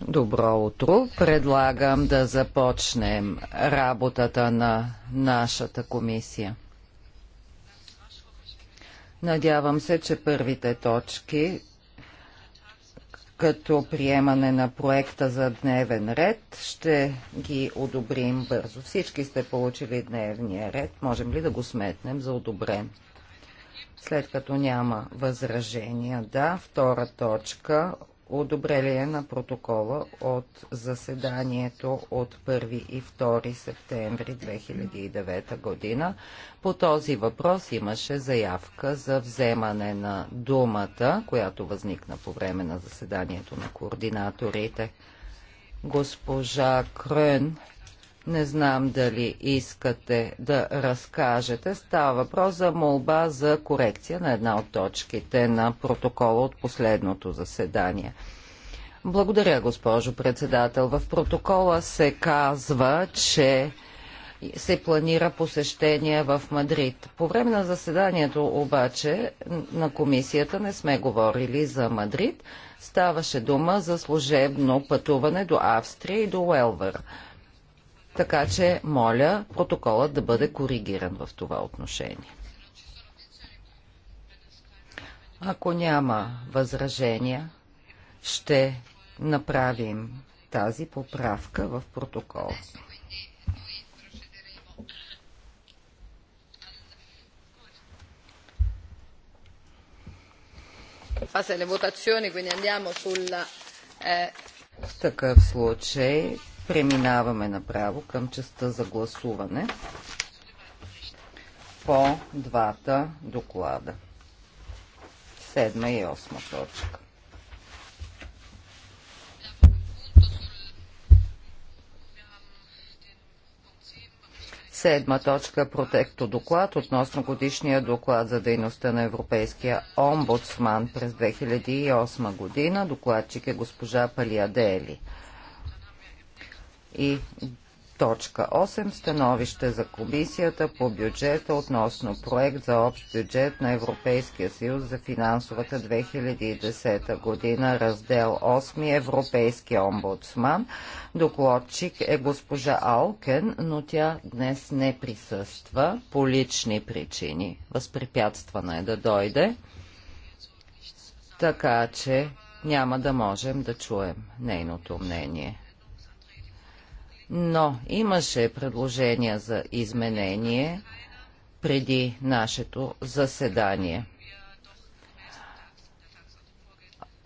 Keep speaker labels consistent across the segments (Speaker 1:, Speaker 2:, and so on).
Speaker 1: Добро утро! Предлагам да започнем работата на нашата комисия. Надявам се, че първите точки, като приемане на проекта за дневен ред, ще ги одобрим бързо. Всички сте получили дневния ред. Можем ли да го сметнем за одобрен? След като няма възражения, да, втора точка одобрение на протокола от заседанието от 1 и 2 септември 2009 година. По този въпрос имаше заявка за вземане на думата, която възникна по време на заседанието на координаторите. Госпожа Крън не знам дали искате да разкажете. Става въпрос за молба за корекция на една от точките на протокола от последното заседание. Благодаря, госпожо председател. В протокола се казва, че се планира посещение в Мадрид. По време на заседанието обаче на комисията не сме говорили за Мадрид. Ставаше дума за служебно пътуване до Австрия и до Уелвър. Така че, моля, протоколът да бъде коригиран в това отношение. Ако няма възражения, ще направим тази поправка в
Speaker 2: протокол. Eh,
Speaker 1: в такъв случай Преминаваме направо към частта за гласуване по двата доклада. Седма и осма точка. Седма точка е протекто доклад относно годишния доклад за дейността на Европейския омбудсман през 2008 година. Докладчик е госпожа Палиадели. Дели. И точка 8. Становище за комисията по бюджета относно проект за общ бюджет на Европейския съюз за финансовата 2010 година, раздел 8. Европейски омбудсман. Докладчик е госпожа Алкен, но тя днес не присъства по лични причини. Възпрепятствана е да дойде. Така че няма да можем да чуем нейното мнение но имаше предложения за изменение преди нашето заседание.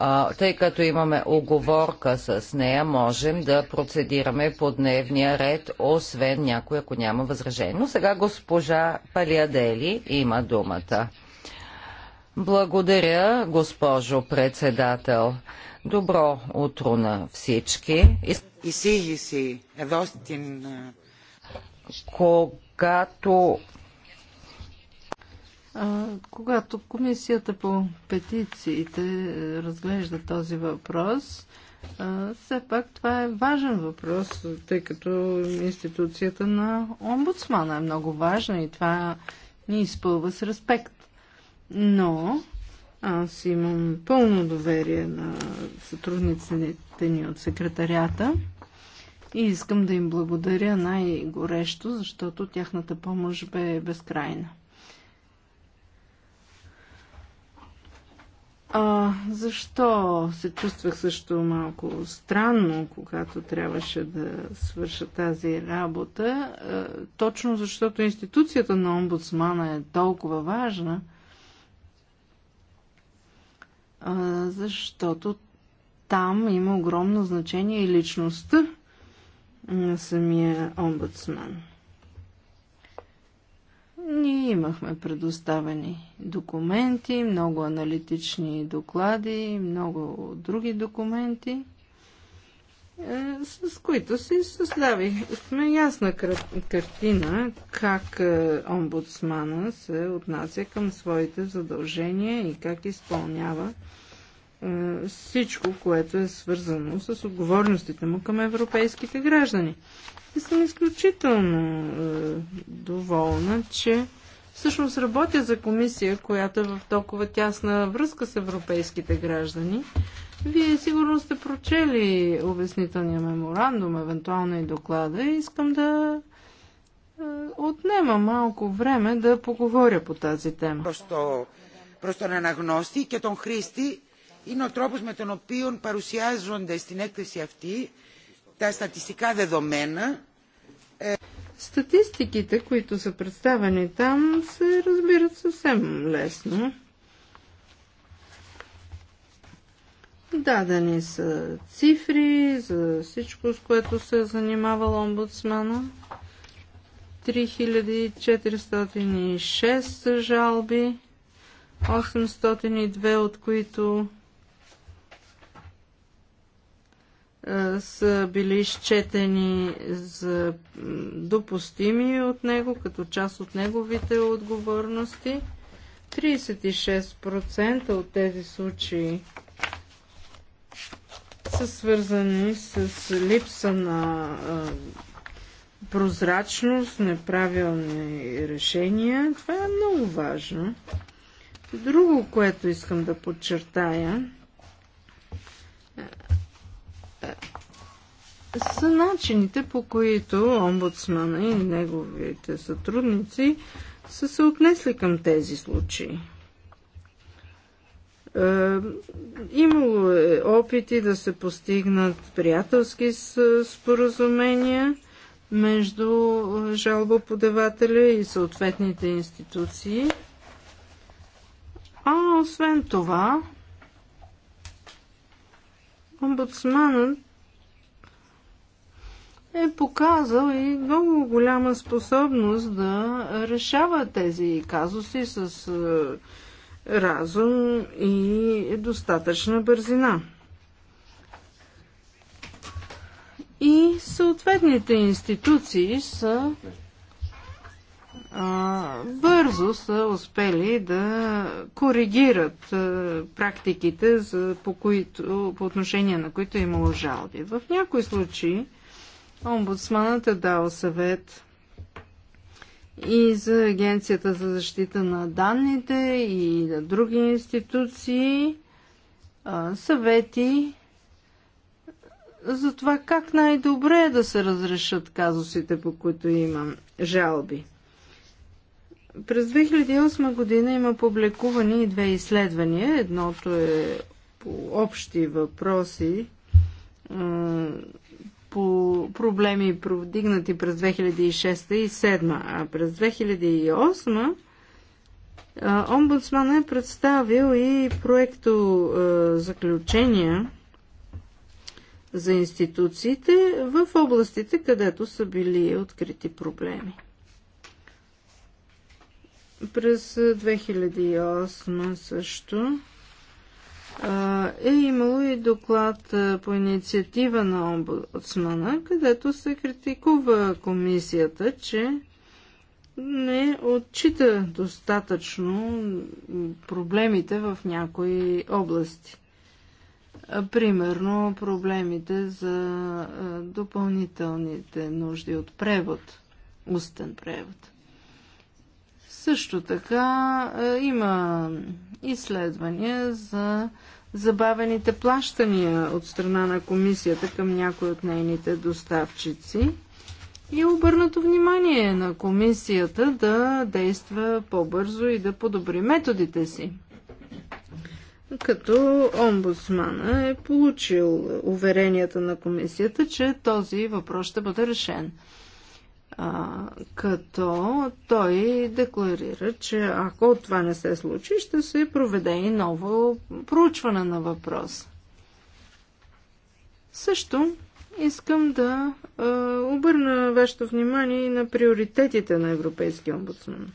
Speaker 1: А, тъй като имаме оговорка с нея, можем да процедираме по дневния ред, освен някой, ако няма възражение. Но сега госпожа Палиадели има думата. Благодаря, госпожо председател. Добро утро на всички. Когато
Speaker 3: когато комисията по петициите е, разглежда този въпрос, все пак това е важен въпрос, тъй като институцията на омбудсмана е много важна и това ни изпълва с респект. Но аз имам пълно доверие на сътрудниците ни от секретарията и искам да им благодаря най-горещо, защото тяхната помощ бе безкрайна. А, защо се чувствах също малко странно, когато трябваше да свърша тази работа? А, точно защото институцията на омбудсмана е толкова важна – защото там има огромно значение и личността на самия омбудсман. Ние имахме предоставени документи, много аналитични доклади, много други документи. Е, с които си Сме ясна картина как е, омбудсмана се отнася към своите задължения и как изпълнява е, всичко, което е свързано с отговорностите му към европейските граждани. И съм изключително доволна, че всъщност работя за комисия, която е в толкова тясна връзка с европейските граждани вие сигурно сте прочели обяснителния меморандум, евентуално и доклада. И искам да е, отнема малко време да поговоря по тази тема. Просто, просто на αναγνώστη και τον χρήστη είναι ο
Speaker 4: τρόπος με τον οποίο παρουσιάζονται στην έκθεση αυτή τα στατιστικά
Speaker 3: δεδομένα. Статистиките, които са представени там, се разбират съвсем лесно. Дадени са цифри за всичко, с което се е занимавал омбудсмана. 3406 жалби, 802 от които е, са били изчетени за допустими от него, като част от неговите отговорности. 36% от тези случаи са свързани с липса на прозрачност, неправилни решения. Това е много важно. Друго, което искам да подчертая, са начините, по които омбудсмана и неговите сътрудници са се отнесли към тези случаи. Е, имало е опити да се постигнат приятелски споразумения между жалбоподавателя и съответните институции. А освен това, омбудсманът е показал и много голяма способност да решава тези казуси с е, разум и достатъчна бързина. И съответните институции са а, бързо са успели да коригират а, практиките, за, по, които, по отношение на които е имало жалби. В някои случаи омбудсманът е дал съвет и за Агенцията за защита на данните и на други институции съвети за това как най-добре е да се разрешат казусите, по които имам жалби. През 2008 година има публикувани две изследвания. Едното е по общи въпроси по проблеми, продигнати през 2006 и 2007, а през 2008 Омбудсман е представил и проекто заключения за институциите в областите, където са били открити проблеми. През 2008 също е имало и доклад по инициатива на омбудсмана, където се критикува комисията, че не отчита достатъчно проблемите в някои области. Примерно проблемите за допълнителните нужди от превод, устен превод. Също така е, има изследвания за забавените плащания от страна на комисията към някои от нейните доставчици и обърнато внимание на комисията да действа по-бързо и да подобри методите си. Като омбудсмана е получил уверенията на комисията, че този въпрос ще бъде решен а, като той декларира, че ако това не се случи, ще се проведе и ново проучване на въпроса. Също искам да а, обърна вашето внимание и на приоритетите на Европейския омбудсман,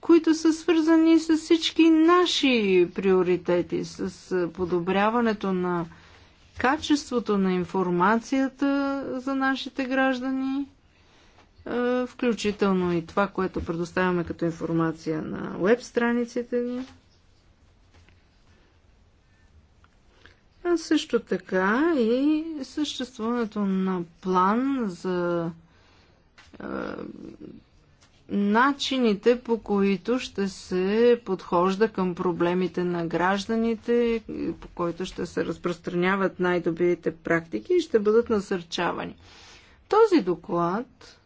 Speaker 3: които са свързани с всички наши приоритети, с подобряването на качеството на информацията за нашите граждани, включително и това, което предоставяме като информация на веб страниците ни. А също така и съществуването на план за начините по които ще се подхожда към проблемите на гражданите, по които ще се разпространяват най-добрите практики и ще бъдат насърчавани. Този доклад,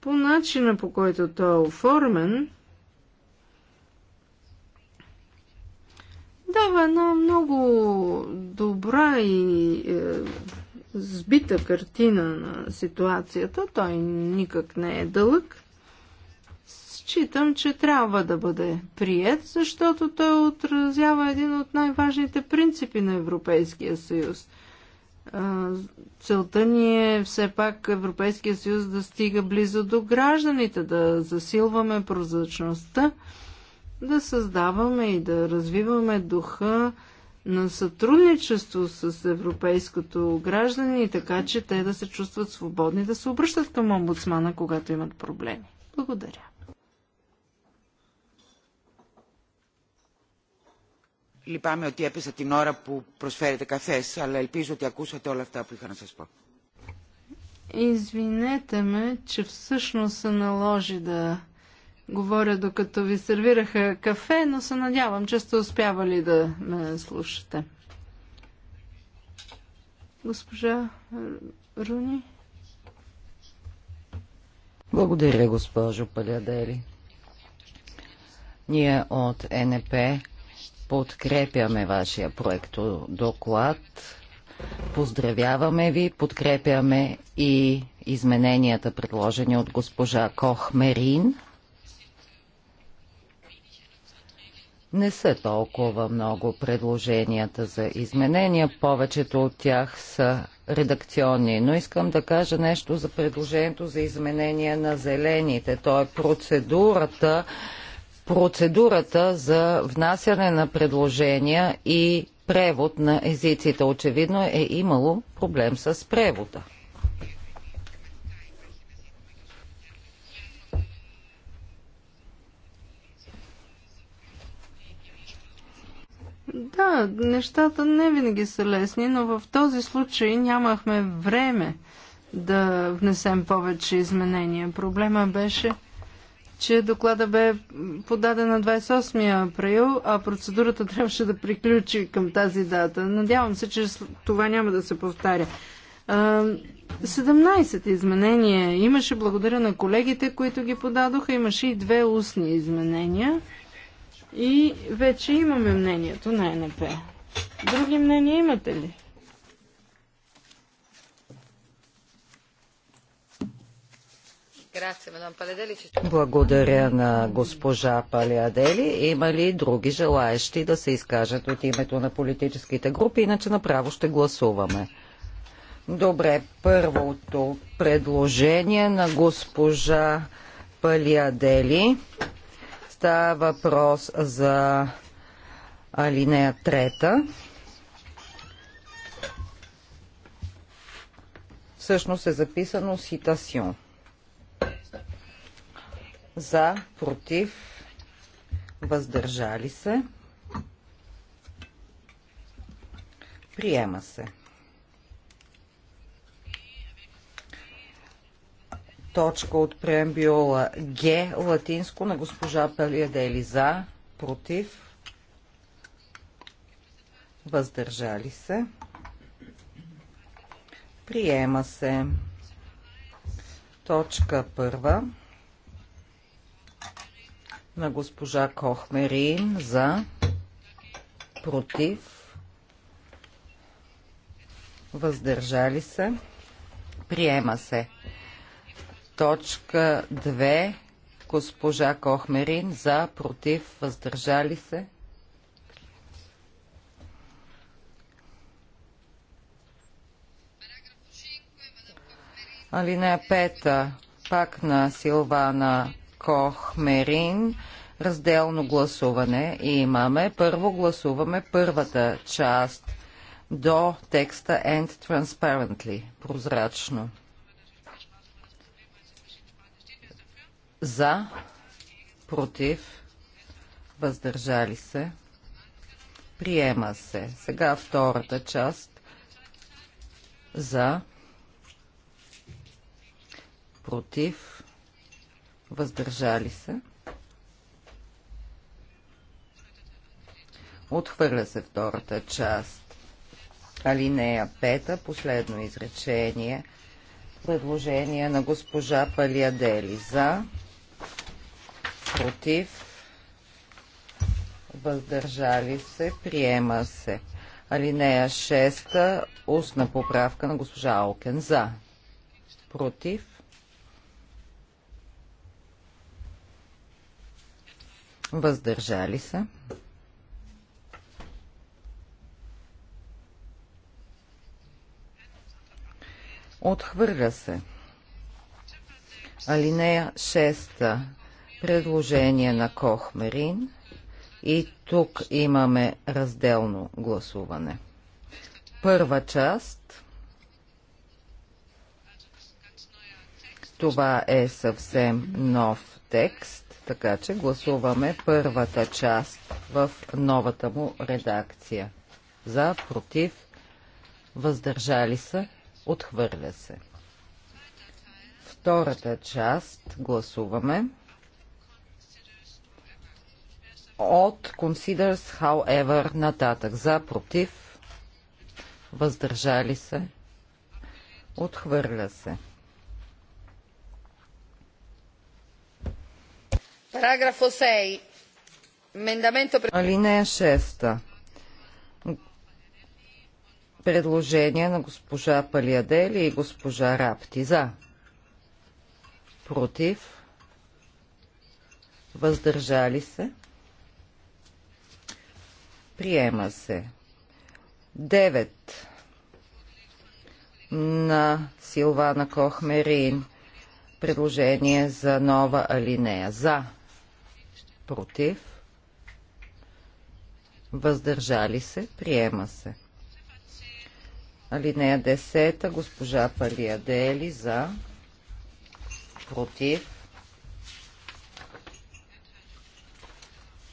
Speaker 3: по начина по който той е оформен, дава една много добра и е, сбита картина на ситуацията. Той никак не е дълъг считам, че трябва да бъде прият, защото той отразява един от най-важните принципи на Европейския съюз. Целта ни е все пак Европейския съюз да стига близо до гражданите, да засилваме прозрачността, да създаваме и да развиваме духа на сътрудничество с европейското граждане, така че те да се чувстват свободни да се обръщат към омбудсмана, когато имат проблеми. Благодаря.
Speaker 4: Λυπάμαι ότι έπεσα την ώρα που προσφέρετε καφές, αλλά ελπίζω ότι ακούσατε όλα
Speaker 1: αυτά που είχα να σας πω.
Speaker 3: Извинете ме, че всъщност се наложи да говоря докато ви сервираха кафе, но се надявам, че сте успявали да ме слушате. Госпожа Руни?
Speaker 1: Благодаря, госпожо Палядели. Ние от НП Подкрепяме вашия проекто доклад. Поздравяваме ви, подкрепяме и измененията, предложени от госпожа Кох Мерин. Не са толкова много предложенията за изменения, повечето от тях са редакционни, но искам да кажа нещо за предложението за изменение на зелените. То е процедурата, процедурата за внасяне на предложения и превод на езиците. Очевидно е имало проблем с превода.
Speaker 3: Да, нещата не винаги са лесни, но в този случай нямахме време да внесем повече изменения. Проблема беше че доклада бе подаден на 28 април, а процедурата трябваше да приключи към тази дата. Надявам се, че това няма да се повтаря. 17 изменения имаше. Благодаря на колегите, които ги подадоха. Имаше и две устни изменения. И вече имаме мнението на НП. Други мнения имате ли?
Speaker 1: Благодаря на госпожа Палеадели. Има ли други желаещи да се изкажат от името на политическите групи? Иначе направо ще гласуваме. Добре, първото предложение на госпожа Палиадели. Става въпрос за алинея трета. Всъщност е записано ситасион за, против, въздържали се. Приема се. Точка от преамбиола Г, латинско, на госпожа Пелиадели. за, против, въздържали се. Приема се. Точка първа на госпожа Кохмерин за против въздържали се приема се точка 2 госпожа Кохмерин за против въздържали се Алинея пета, пак на Силвана Кохмерин. Разделно гласуване и имаме. Първо гласуваме първата част до текста and transparently, прозрачно. За, против, въздържали се, приема се. Сега втората част за, против, против, въздържали се. Отхвърля се втората част. Алинея 5, последно изречение. Предложение на госпожа Палиадели за, против, въздържали се, приема се. Алинея 6, устна поправка на госпожа Алкен за, против, въздържали се. Отхвърля се. Алинея 6. Предложение на Кохмерин. И тук имаме разделно гласуване. Първа част. Това е съвсем нов текст така че гласуваме първата част в новата му редакция. За, против, въздържали се, отхвърля се. Втората част гласуваме от considers however нататък. За, против, въздържали се, отхвърля се.
Speaker 2: Параграфо 6. Мендаменто... Алинея
Speaker 1: 6. Предложение на госпожа Палиадели и госпожа Рапти. За. Против. Въздържали се. Приема се. 9 на Силвана Кохмерин. Предложение за нова алинея. За против, въздържали се, приема се. Алинея 10, госпожа Дели за, против,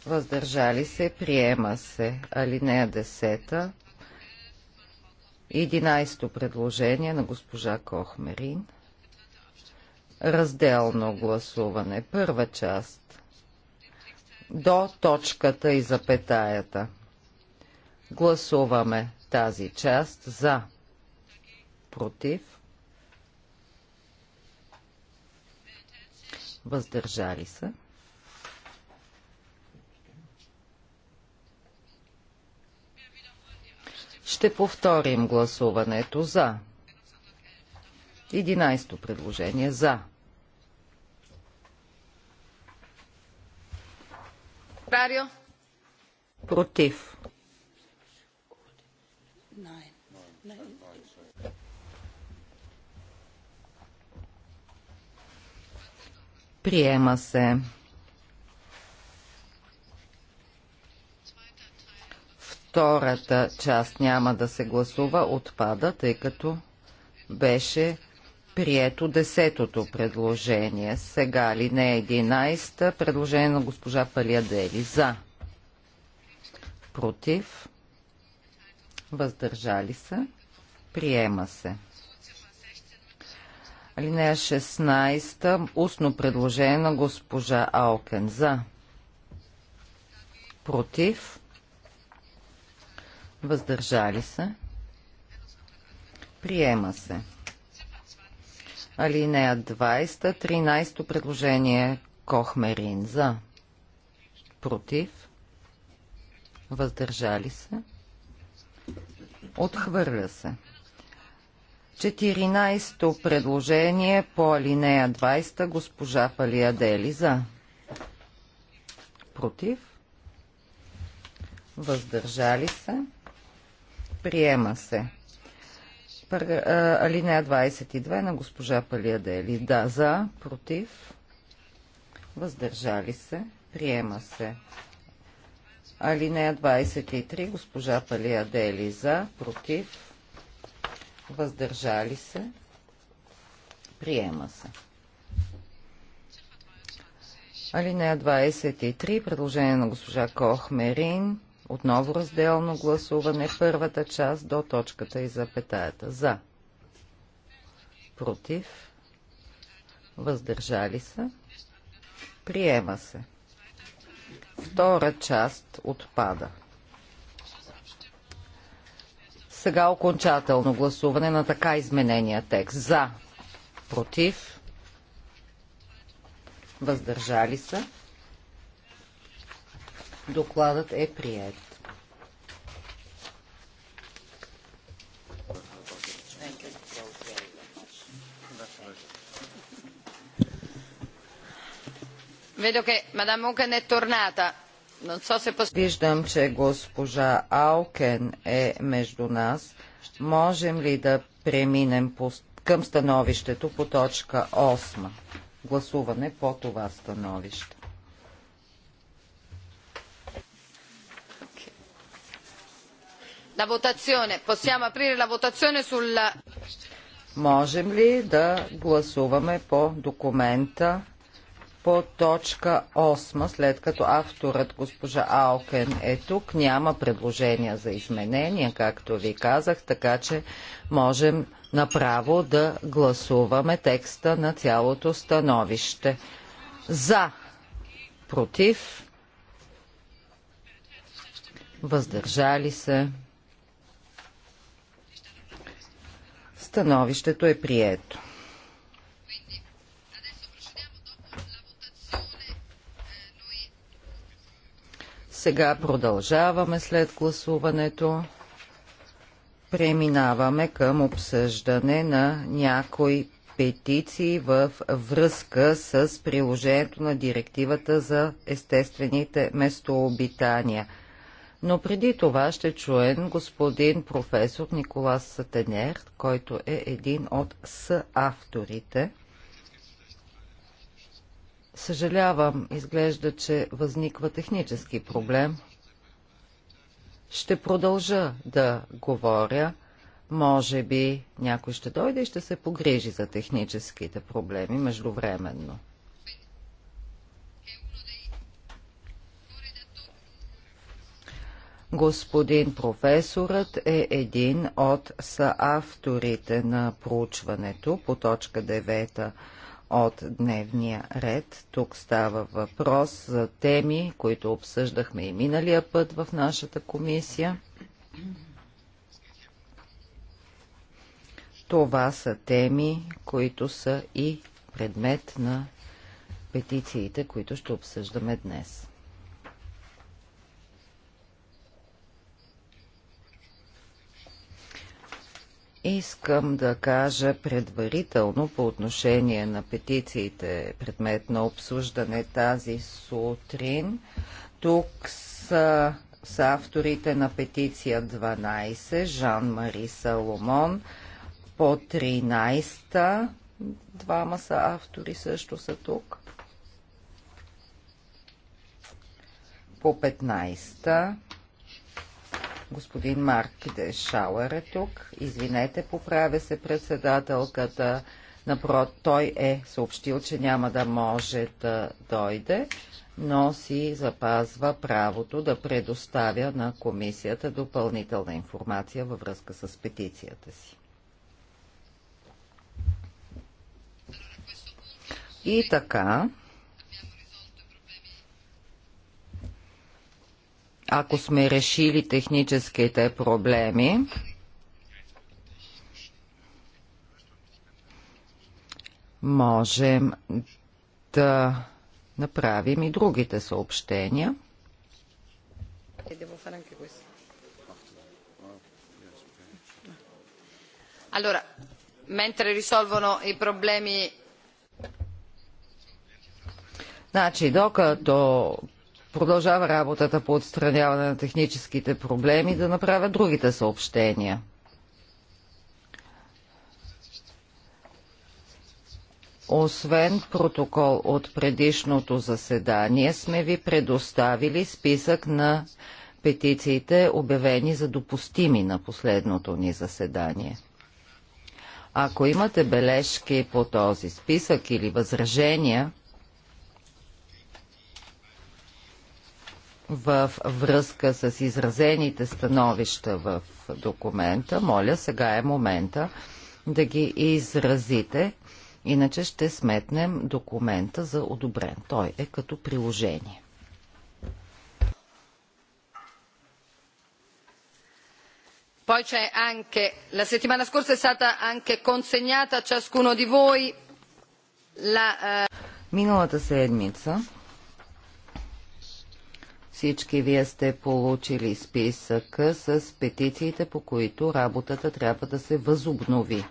Speaker 1: въздържали се, приема се. Алинея 10, 11 предложение на госпожа Кохмерин. Разделно гласуване. Първа част до точката и запетаята. Гласуваме тази част за, против, въздържали се. Ще повторим гласуването за. 11 предложение за. Contrario? Против. Приема се. Втората част няма да се гласува, отпада, тъй като беше прието десетото предложение. Сега ли не 11-та, е предложение на госпожа Палиадели. За. Против. Въздържали се. Приема се. Алинея 16. Устно предложение на госпожа Алкен. За. Против. Въздържали се. Приема се. Алинея 20, 13 предложение Кохмерин за. Против. Въздържали се. Отхвърля се. 14-то предложение по алинея 20 госпожа Дели за. Против. Въздържали се. Приема се. Алинея 22 на госпожа Палиадели. Да, за, против, въздържали се, приема се. Алинея 23, госпожа Палиадели за, против, въздържали се, приема се. Алинея 23, предложение на госпожа Кохмерин отново разделно гласуване. Първата част до точката и запетаята. За. Против. Въздържали се. Приема се. Втора част отпада. Сега окончателно гласуване на така изменения текст. За. Против. Въздържали се. Докладът е прият. Виждам, че госпожа Аукен е между нас. Можем ли да преминем по, към становището по точка 8? Гласуване по това становище.
Speaker 2: La votazione. Possiamo aprire la votazione
Speaker 1: Можем ли да гласуваме по документа по точка 8, след като авторът госпожа Алкен е тук, няма предложения за изменения, както ви казах, така че можем направо да гласуваме текста на цялото становище. За, против, въздържали се. Становището е прието. Сега продължаваме след гласуването. Преминаваме към обсъждане на някои петиции в връзка с приложението на директивата за естествените местообитания – но преди това ще чуем господин професор Николас Сатенер, който е един от съавторите. Съжалявам, изглежда, че възниква технически проблем. Ще продължа да говоря. Може би някой ще дойде и ще се погрижи за техническите проблеми междувременно. Господин професорът е един от съавторите на проучването по точка 9 от дневния ред. Тук става въпрос за теми, които обсъждахме и миналия път в нашата комисия. Това са теми, които са и предмет на петициите, които ще обсъждаме днес. Искам да кажа предварително по отношение на петициите предмет на обсуждане тази сутрин. Тук са, са авторите на петиция 12, Жан-Мари Саломон, по 13-та, двама са автори също са тук, по 15-та, Господин Марк Дешауер е тук. Извинете, поправя се председателката. Напрот, той е съобщил, че няма да може да дойде, но си запазва правото да предоставя на комисията допълнителна информация във връзка с петицията си. И така, ако сме решили техническите проблеми, можем да направим и другите съобщения.
Speaker 2: Allora, mentre risolvono i problemi
Speaker 1: Значи, докато продължава работата по отстраняване на техническите проблеми, да направя другите съобщения. Освен протокол от предишното заседание, сме ви предоставили списък на петициите, обявени за допустими на последното ни заседание. Ако имате бележки по този списък или възражения, в връзка с изразените становища в документа, моля, сега е момента да ги изразите, иначе ще сметнем документа за одобрен. Той е като приложение.
Speaker 2: Poi c'è anche, la settimana scorsa è stata anche consegnata a ciascuno di voi la...
Speaker 1: Uh... Миналата седмица всички вие сте получили списъка с петициите, по които работата трябва да се възобнови.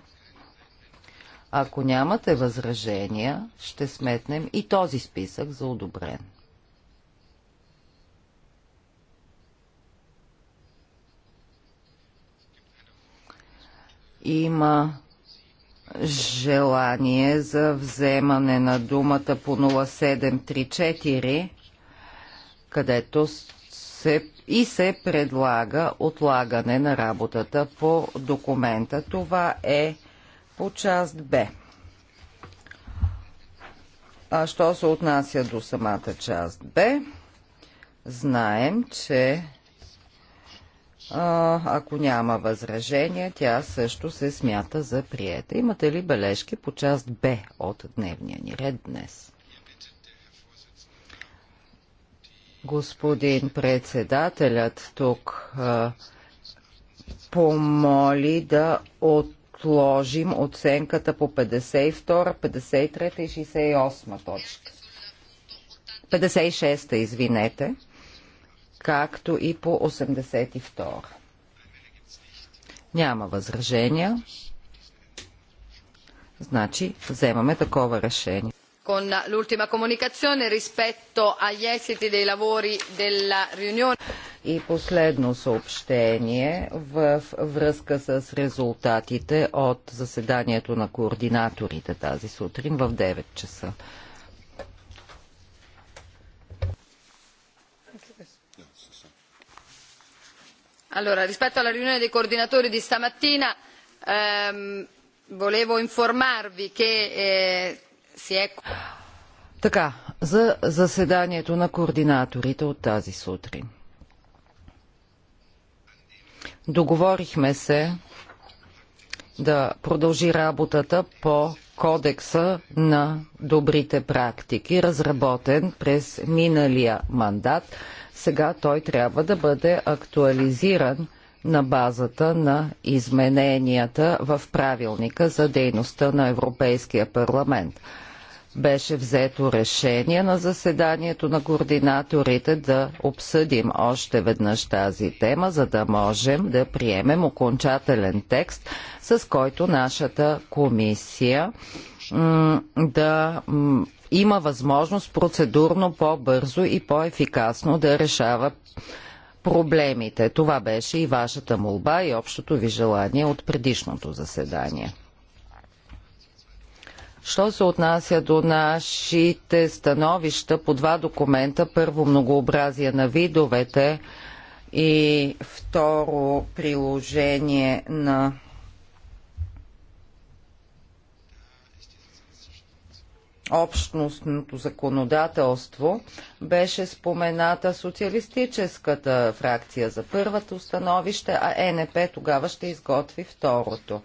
Speaker 1: Ако нямате възражения, ще сметнем и този списък за одобрен. Има желание за вземане на думата по 0734 където се и се предлага отлагане на работата по документа. Това е по част Б. А що се отнася до самата част Б, знаем, че а, ако няма възражения, тя също се смята за приета. Имате ли бележки по част Б от дневния ни ред днес? господин председателят тук а, помоли да отложим оценката по 52, 53 и 68 точка. 56-та, извинете, както и по 82. Няма възражения. Значи, вземаме такова решение
Speaker 2: con l'ultima comunicazione rispetto agli esiti dei lavori della riunione.
Speaker 1: И последно съобщение в връзка с резултатите от заседанието на координаторите тази сутрин в 9 часа.
Speaker 2: Allora, rispetto alla riunione dei coordinatori di stamattina, ehm, volevo informarvi che eh,
Speaker 1: така, за заседанието на координаторите от тази сутрин. Договорихме се да продължи работата по кодекса на добрите практики, разработен през миналия мандат. Сега той трябва да бъде актуализиран на базата на измененията в правилника за дейността на Европейския парламент. Беше взето решение на заседанието на координаторите да обсъдим още веднъж тази тема, за да можем да приемем окончателен текст, с който нашата комисия да има възможност процедурно по-бързо и по-ефикасно да решава проблемите. Това беше и вашата молба и общото ви желание от предишното заседание. Що се отнася до нашите становища по два документа, първо многообразие на видовете и второ приложение на общностното законодателство беше спомената социалистическата фракция за първото становище, а ЕНП тогава ще изготви второто.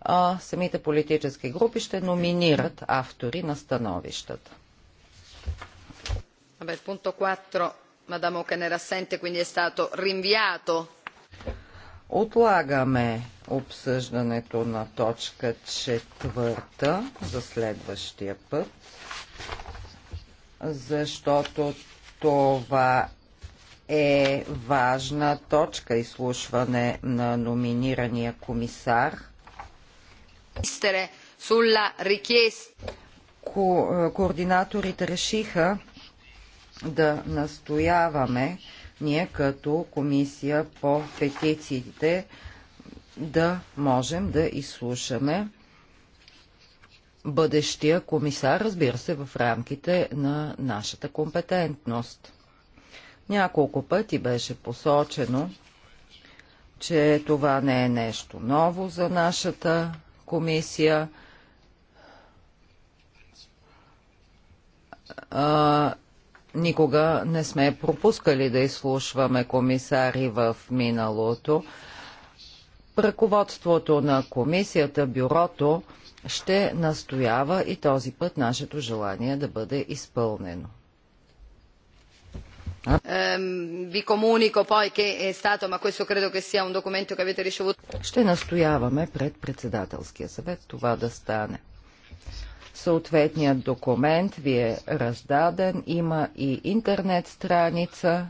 Speaker 1: А, самите политически групи ще номинират автори на становищата.
Speaker 2: Абе, il 4, madame Oken era quindi е стато rinviato.
Speaker 1: Отлагаме обсъждането на точка четвърта за следващия път, защото това е важна точка изслушване на номинирания комисар. Ко- координаторите решиха да настояваме ние като комисия по петициите да можем да изслушаме бъдещия комисар, разбира се, в рамките на нашата компетентност. Няколко пъти беше посочено, че това не е нещо ново за нашата комисия. А, никога не сме пропускали да изслушваме комисари в миналото. Ръководството на комисията, бюрото, ще настоява и този път нашето желание да бъде изпълнено. Е ще настояваме пред председателския съвет това да стане. Съответният документ ви е раздаден, има и интернет страница,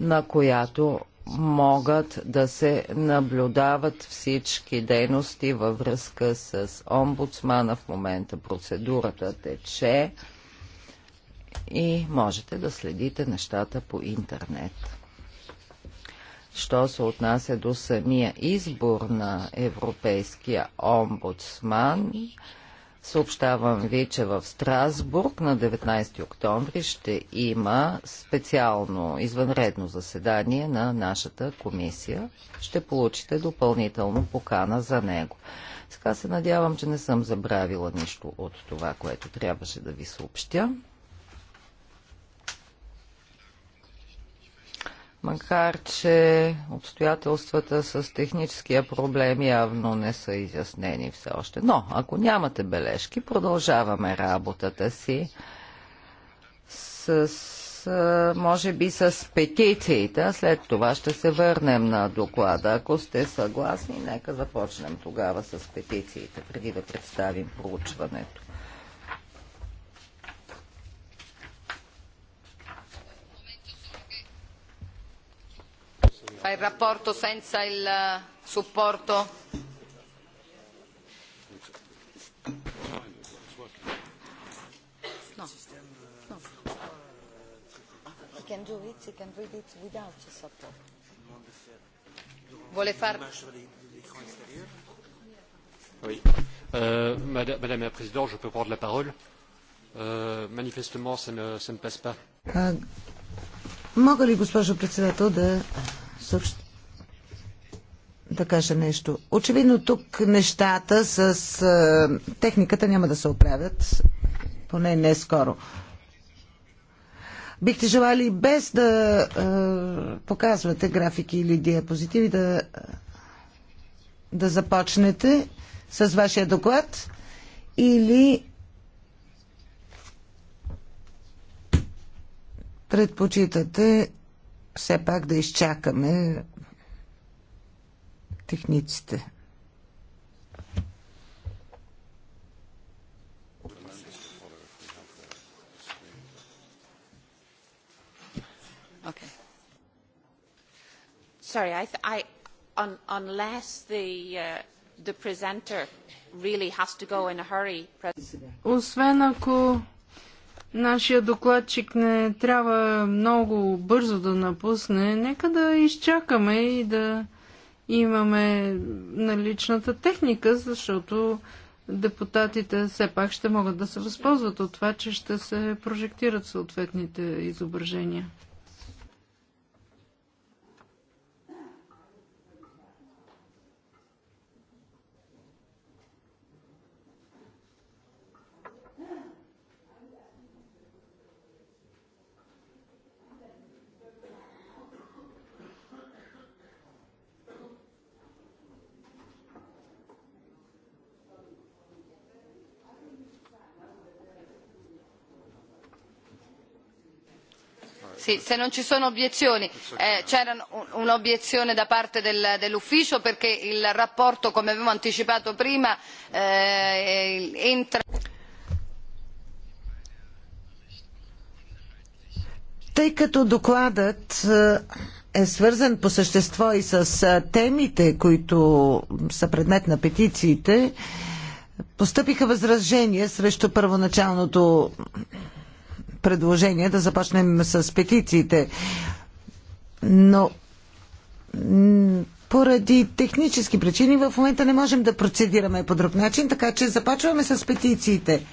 Speaker 1: на която могат да се наблюдават всички дейности във връзка с омбудсмана. В момента процедурата тече и можете да следите нещата по интернет що се отнася до самия избор на Европейския омбудсман, съобщавам ви, че в Страсбург на 19 октомври ще има специално извънредно заседание на нашата комисия. Ще получите допълнително покана за него. Сега се надявам, че не съм забравила нищо от това, което трябваше да ви съобщя. макар че обстоятелствата с техническия проблем явно не са изяснени все още. Но, ако нямате бележки, продължаваме работата си с, с може би с петициите. След това ще се върнем на доклада. Ако сте съгласни, нека започнем тогава с петициите, преди да представим проучването.
Speaker 2: fa il rapporto senza il supporto can do it, can read it without the support. Vuole far...
Speaker 4: Oui. Euh, Madame, Madame la Présidente, je peux prendre la parole. Euh, manifestement, ça ne, ça ne passe pas. госпожо председател, да също да кажа нещо. Очевидно тук нещата с а, техниката няма да се оправят, поне не скоро. Бихте желали без да а, показвате графики или диапозитиви да, да започнете с вашия доклад или предпочитате все пак да изчакаме техниците. Okay. Sorry, I, th- I un, unless the uh, the presenter really has to go in a hurry.
Speaker 3: Освен ако Нашия докладчик не трябва много бързо да напусне. Нека да изчакаме и да имаме наличната техника, защото депутатите все пак ще могат да се възползват от това, че ще се прожектират съответните изображения.
Speaker 2: Sì, se non ci sono obiezioni, eh, c'era un'obiezione da parte del, dell'ufficio perché il rapporto, come avevo anticipato prima, eh, entra.
Speaker 4: Тъй като докладът е свързан по същество и с темите, които са предмет на петициите, постъпиха възражения срещу първоначалното предложение да започнем с петициите. Но поради технически причини в момента не можем да процедираме по друг начин, така че започваме с петициите.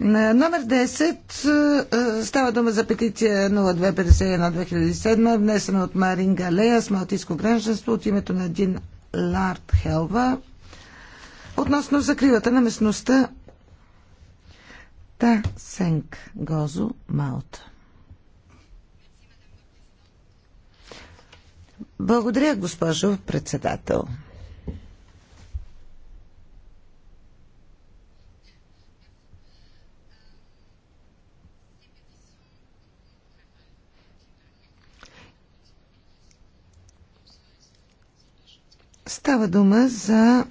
Speaker 4: Номер 10 е, е, става дума за петиция 0251-2007, внесена от Марин Галея с малтийско гражданство от името на един Лард Хелва относно закривата на местността Та Сенк Гозо Малта. Благодаря, госпожо председател. Става дума за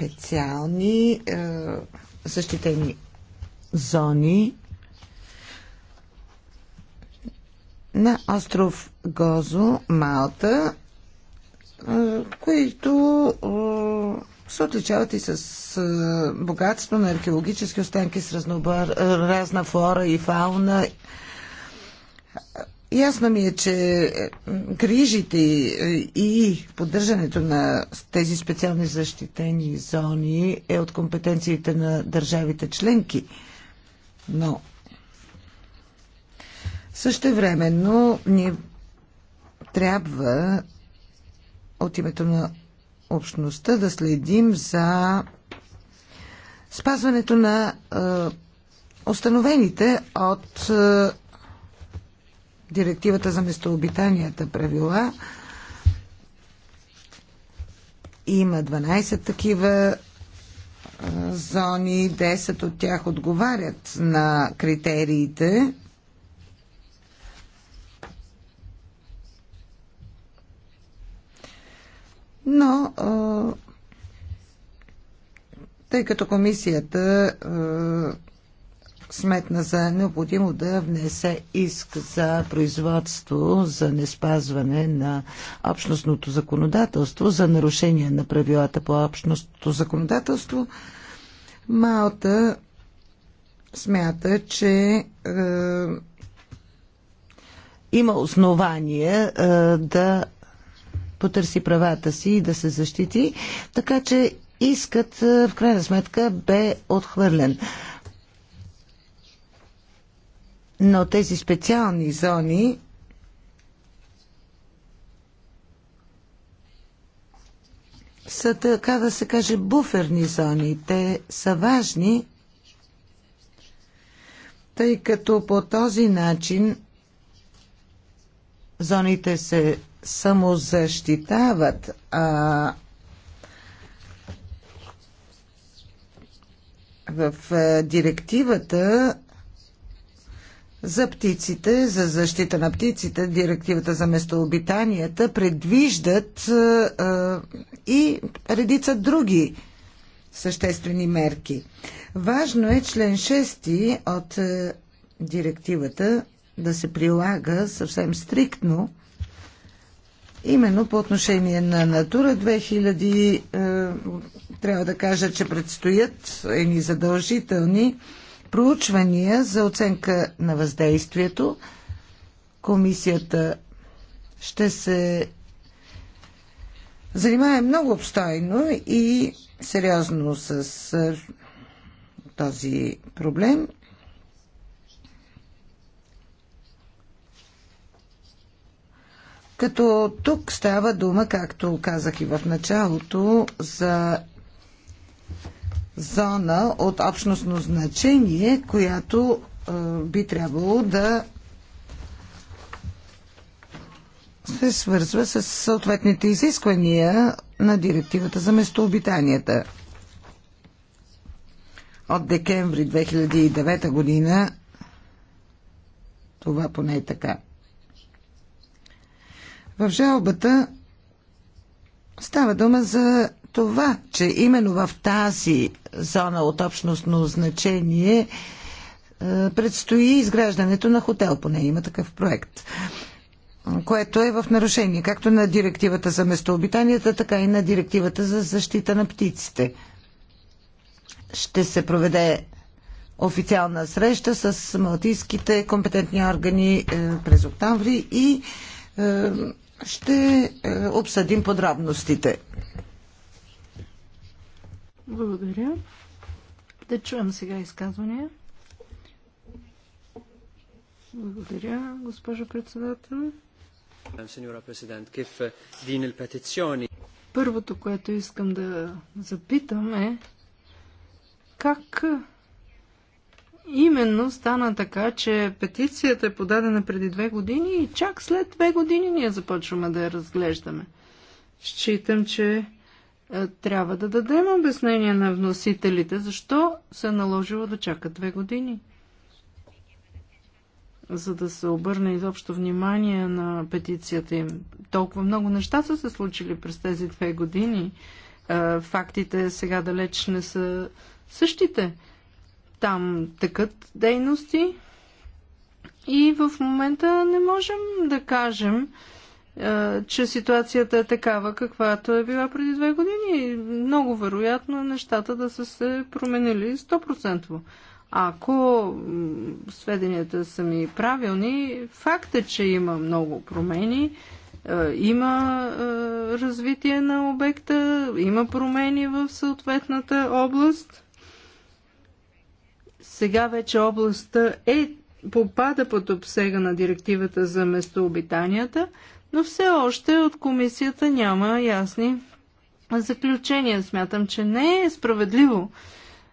Speaker 4: специални е, защитени зони на остров Гозо, Малта, е, които е, се отличават и с богатство на археологически останки, с разнообразна флора и фауна Ясно ми е, че е, грижите е, и поддържането на тези специални защитени зони е от компетенциите на държавите членки. Но същевременно ние трябва от името на общността да следим за спазването на е, установените от директивата за местообитанията правила. Има 12 такива зони, 10 от тях отговарят на критериите. Но тъй като комисията сметна за необходимо да внесе иск за производство за неспазване на общностното законодателство, за нарушение на правилата по общностното законодателство. Малта смята, че е, има основание е, да потърси правата си и да се защити, така че искът е, в крайна сметка бе отхвърлен но тези специални зони са така да се каже буферни зони. Те са важни, тъй като по този начин зоните се самозащитават, а в е, директивата за птиците, за защита на птиците, директивата за местообитанията предвиждат е, е, и редица други съществени мерки. Важно е член 6 от е, директивата да се прилага съвсем стриктно именно по отношение на Натура 2000 трябва да кажа, че предстоят едни задължителни проучвания за оценка на въздействието. Комисията ще се занимае много обстойно и сериозно с този проблем. Като тук става дума, както казах и в началото, за зона от общностно значение, която е, би трябвало да се свързва с съответните изисквания на директивата за местообитанията. От декември 2009 година това поне е така. В жалбата става дума за това, че именно в тази зона от общностно значение е, предстои изграждането на хотел, поне има такъв проект което е в нарушение както на директивата за местообитанията, така и на директивата за защита на птиците. Ще се проведе официална среща с малтийските компетентни органи е, през октомври и е, ще обсъдим подробностите.
Speaker 3: Благодаря. Да чуем сега изказвания. Благодаря, госпожо председател.
Speaker 2: Сеньора президент, кеф дин петициони.
Speaker 3: Първото, което искам да запитам е как именно стана така, че петицията е подадена преди две години и чак след две години ние започваме да я разглеждаме. Считам, че е, трябва да дадем обяснение на вносителите, защо се е наложило да чака две години. За да се обърне изобщо внимание на петицията им. Толкова много неща са се случили през тези две години. Е, фактите сега далеч не са същите. Там такът дейности и в момента не можем да кажем, че ситуацията е такава, каквато е била преди две години и много вероятно нещата да са се променили 100%. Ако сведенията са ми правилни, факт е, че има много промени, има развитие на обекта, има промени в съответната област. Сега вече областта е попада под обсега на директивата за местообитанията, но все още от комисията няма ясни заключения. Смятам, че не е справедливо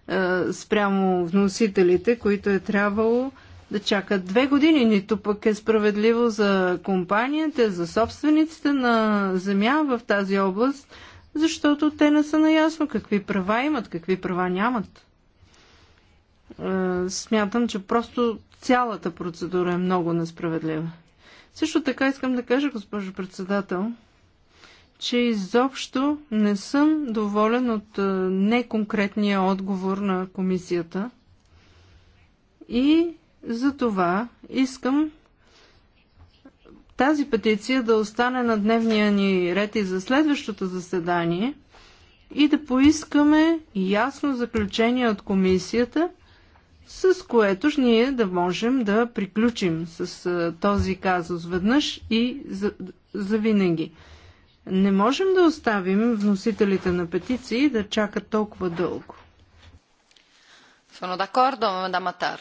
Speaker 3: е, спрямо вносителите, които е трябвало да чакат две години. Нито пък е справедливо за компаниите, за собствениците на земя в тази област, защото те не са наясно какви права имат, какви права нямат. Е, смятам, че просто цялата процедура е много несправедлива. Също така искам да кажа, госпожо председател, че изобщо не съм доволен от неконкретния отговор на комисията. И за това искам тази петиция да остане на дневния ни ред и за следващото заседание и да поискаме ясно заключение от комисията – с което ние да можем да приключим с този казус веднъж и за, за винаги. Не можем да оставим вносителите на петиции да чакат толкова дълго.
Speaker 2: Sono d'accordo, madame Attar.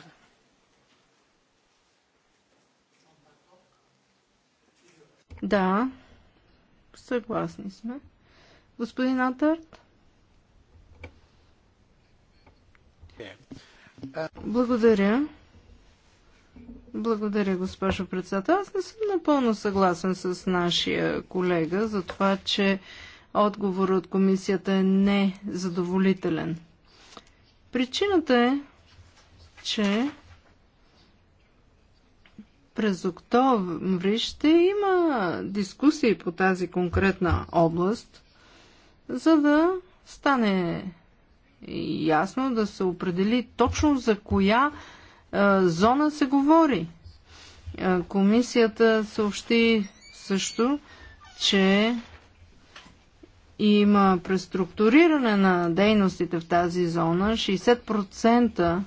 Speaker 3: Да, съгласни сме. Господин Атарт? Yeah. Благодаря. Благодаря, госпожо председател. Аз не съм напълно съгласен с нашия колега за това, че отговор от комисията е незадоволителен. Причината е, че през октомври ще има дискусии по тази конкретна област, за да стане ясно да се определи точно за коя зона се говори. Комисията съобщи също, че има преструктуриране на дейностите в тази зона. 60%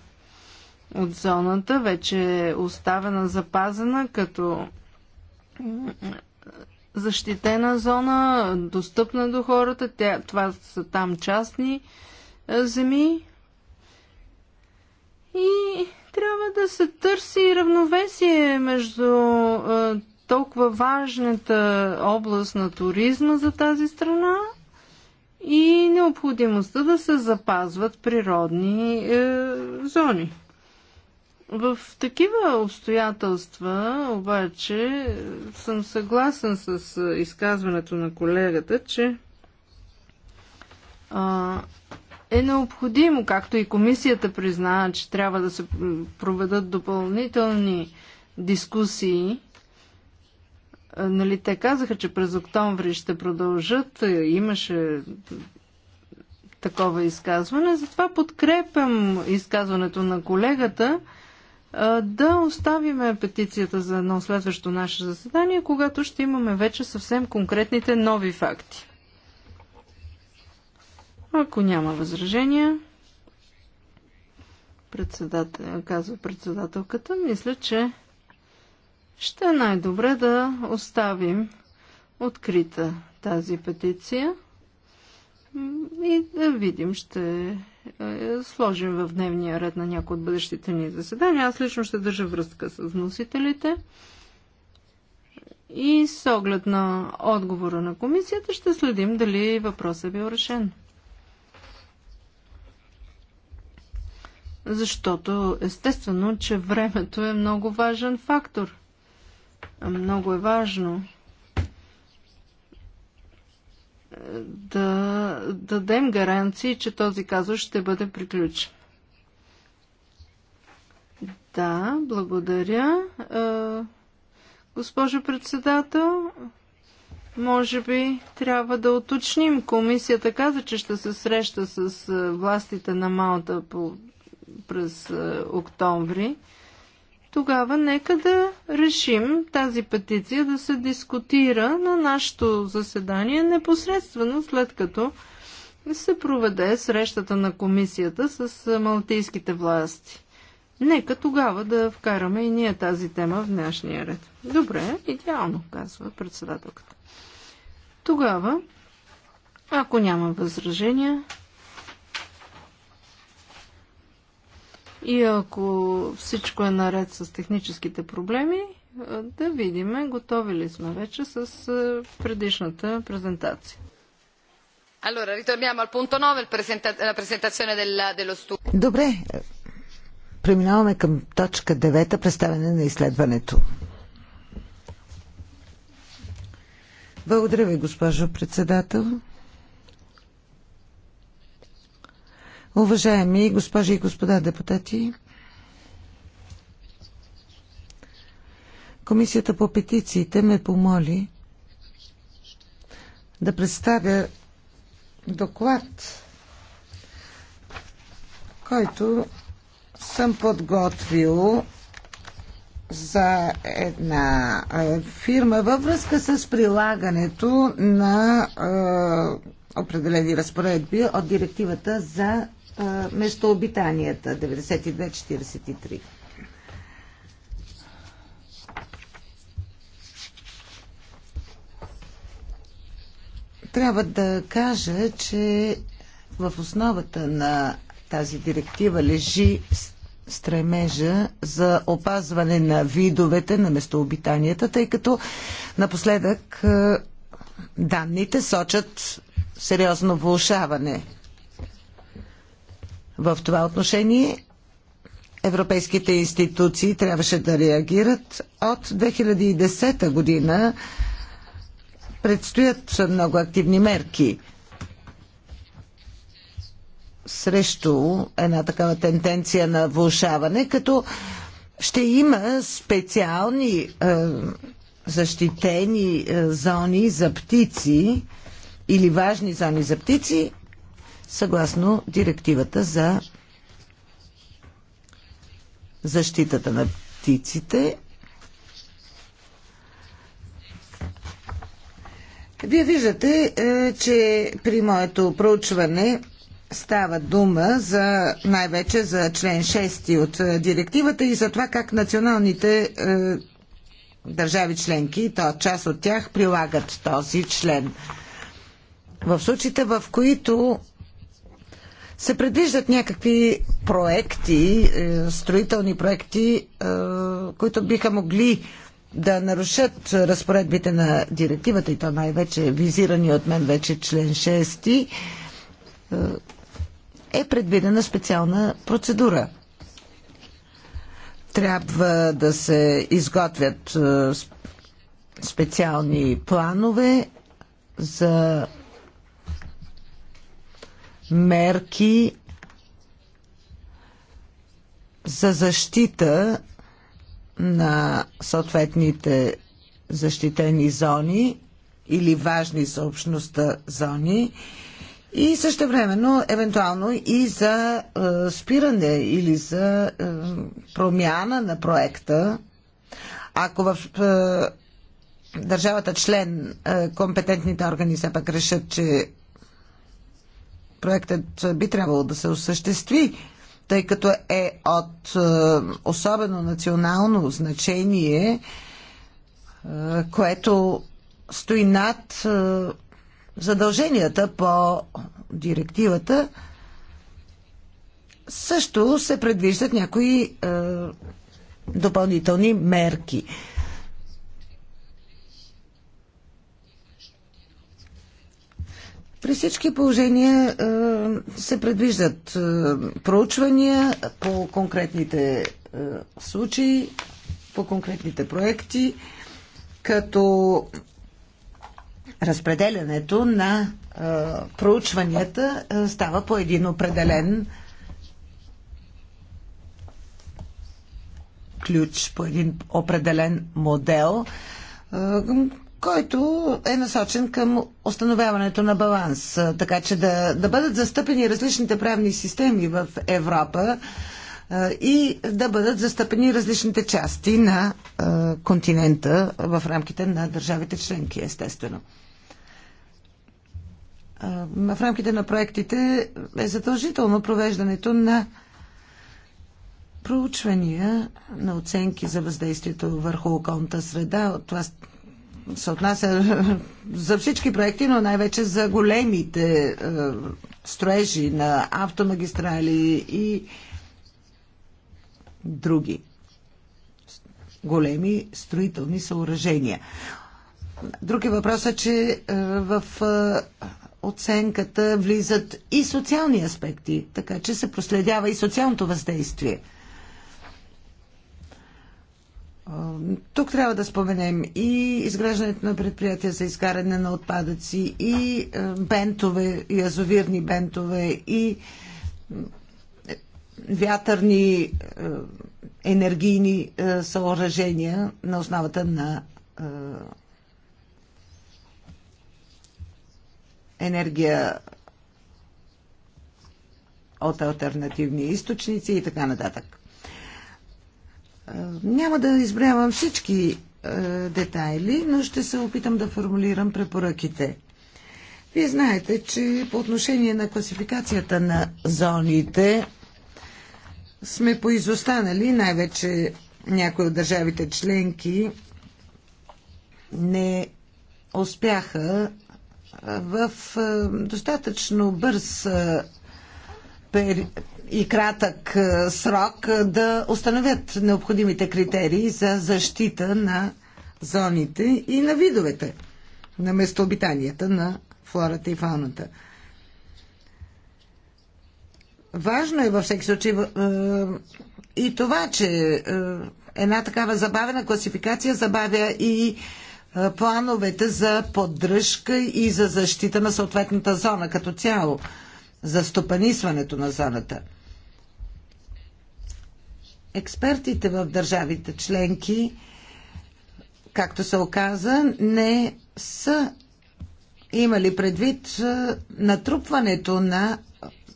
Speaker 3: от зоната вече е оставена запазена като защитена зона, достъпна до хората. Тя, това са там частни земи. И трябва да се търси равновесие между толкова важната област на туризма за тази страна и необходимостта да се запазват природни е, зони. В такива обстоятелства обаче съм съгласен с е, изказването на колегата, че а, е необходимо, както и комисията признава, че трябва да се проведат допълнителни дискусии. Е, нали, те казаха, че през октомври ще продължат. Е, имаше такова изказване. Затова подкрепям изказването на колегата е, да оставиме петицията за едно следващо наше заседание, когато ще имаме вече съвсем конкретните нови факти. Ако няма възражения, председател, казва председателката, мисля, че ще е най-добре да оставим открита тази петиция и да видим, ще е, сложим в дневния ред на някои от бъдещите ни заседания. Аз лично ще държа връзка с вносителите и с оглед на отговора на комисията ще следим дали въпросът е бил решен. Защото естествено, че времето е много важен фактор. Много е важно е, да дадем гаранции, че този казус ще бъде приключен. Да, благодаря. Е, госпожо председател, може би трябва да уточним. Комисията каза, че ще се среща с е, властите на Малта по през е, октомври, тогава нека да решим тази петиция да се дискутира на нашето заседание непосредствено след като се проведе срещата на комисията с е, малтийските власти. Нека тогава да вкараме и ние тази тема в днешния ред. Добре, идеално, казва председателката. Тогава, ако няма възражения, И ако всичко е наред с техническите проблеми, да видим, готови ли сме вече с предишната презентация.
Speaker 2: Allora, ritorniamo al punto 9, la presentazione della, dello studio.
Speaker 4: Добре, преминаваме към точка 9, представяне на изследването. Благодаря ви, госпожо председател. Уважаеми госпожи и господа депутати, Комисията по петициите ме помоли да представя доклад, който съм подготвил за една фирма във връзка с прилагането на определени разпоредби от директивата за местообитанията 92-43. Трябва да кажа, че в основата на тази директива лежи стремежа за опазване на видовете на местообитанията, тъй като напоследък данните сочат сериозно влушаване в това отношение европейските институции трябваше да реагират от 2010 година. Предстоят много активни мерки срещу една такава тенденция на влушаване, като ще има специални е, защитени е, зони за птици или важни зони за птици, съгласно директивата за защитата на птиците. Вие виждате, е, че при моето проучване Става дума за, най-вече за член 6 от е, директивата и за това как националните е, държави членки, то част от тях, прилагат този член. В случаите, в които се предвиждат някакви проекти, е, строителни проекти, е, които биха могли да нарушат разпоредбите на директивата и то най-вече визирани от мен вече член 6 е, е предвидена специална процедура. Трябва да се изготвят специални планове за мерки за защита на съответните защитени зони или важни за общността зони и също времено, евентуално и за е, спиране или за е, промяна на проекта, ако в е, държавата член е, компетентните органи се пък решат, че проектът би трябвало да се осъществи, тъй като е от е, особено национално значение, е, което стои над е, задълженията по директивата. Също се предвиждат някои допълнителни мерки. При всички положения е, се предвиждат е, проучвания по конкретните е, случаи, по конкретните проекти, като разпределянето на проучванията става по един определен ключ, по един определен модел, който е насочен към установяването на баланс, така че да, да бъдат застъпени различните правни системи в Европа и да бъдат застъпени различните части на континента в рамките на държавите членки, естествено. В рамките на проектите е задължително провеждането на проучвания на оценки за въздействието върху околната среда. От това се отнася за всички проекти, но най-вече за големите е, строежи на автомагистрали и други големи строителни съоръжения. Друг е въпросът, че е, в е, оценката влизат и социални аспекти, така че се проследява и социалното въздействие – тук трябва да споменем и изграждането на предприятия за изкаране на отпадъци, и е, бентове, язовирни бентове, и вятърни е, енергийни е, съоръжения на основата на енергия от альтернативни източници и така нататък. Няма да изброявам всички е, детайли, но ще се опитам да формулирам препоръките. Вие знаете, че по отношение на класификацията на зоните сме поизостанали, най-вече някои от държавите членки не успяха е, в е, достатъчно бърз и кратък е, срок е, да установят необходимите критерии за защита на зоните и на видовете, на местообитанията на флората и фауната. Важно е във всеки случай е, и това, че една такава забавена класификация забавя и плановете за поддръжка и за защита на съответната зона като цяло, за стопанисването на зоната – експертите в държавите членки, както се оказа, не са имали предвид е, натрупването на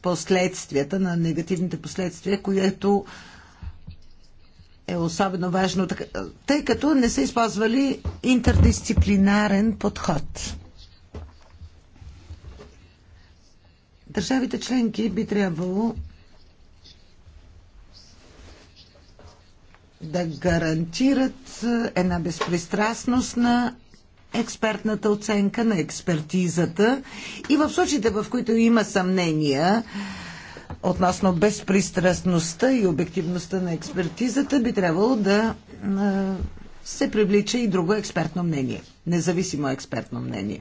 Speaker 4: последствията, на негативните последствия, което е особено важно, тъй като не са използвали интердисциплинарен подход. Държавите членки би трябвало да гарантират е, една безпристрастност на експертната оценка, на експертизата и в случаите, в които има съмнения относно безпристрастността и обективността на експертизата, би трябвало да е, се привлича и друго експертно мнение, независимо експертно мнение.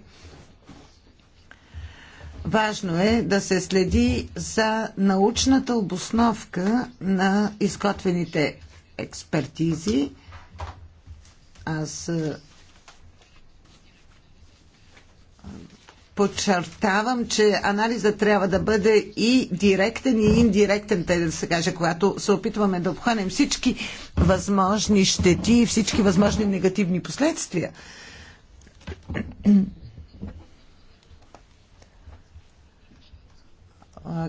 Speaker 4: Важно е да се следи за научната обосновка на изготвените експертизи. Аз подчертавам, че анализа трябва да бъде и директен, и индиректен, тъй да се каже, когато се опитваме да обхванем всички възможни щети и всички възможни негативни последствия.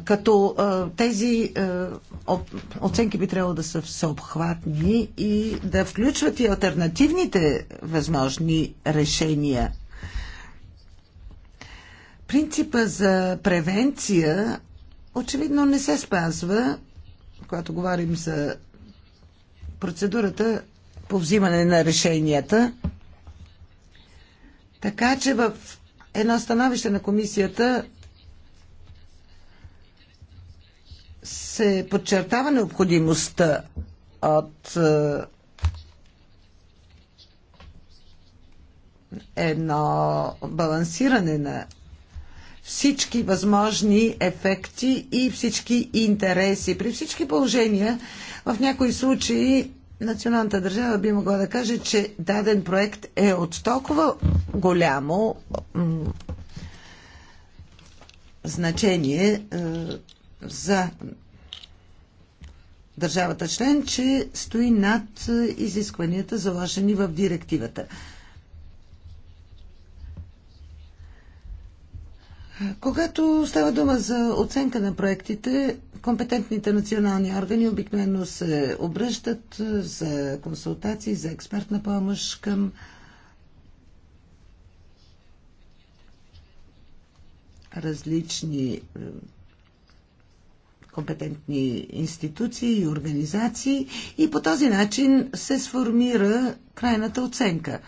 Speaker 4: като тези оценки би трябвало да са всеобхватни и да включват и альтернативните възможни решения. Принципа за превенция очевидно не се спазва, когато говорим за процедурата по взимане на решенията. Така че в едно становище на комисията се подчертава необходимостта от е, едно балансиране на всички възможни ефекти и всички интереси. При всички положения, в някои случаи, националната държава би могла да каже, че даден проект е от толкова голямо значение, е, за държавата член, че стои над изискванията, заложени в директивата. Когато става дума за оценка на проектите, компетентните национални органи обикновено се обръщат за консултации, за експертна помощ към различни компетентни институции и организации и по този начин се сформира крайната оценка.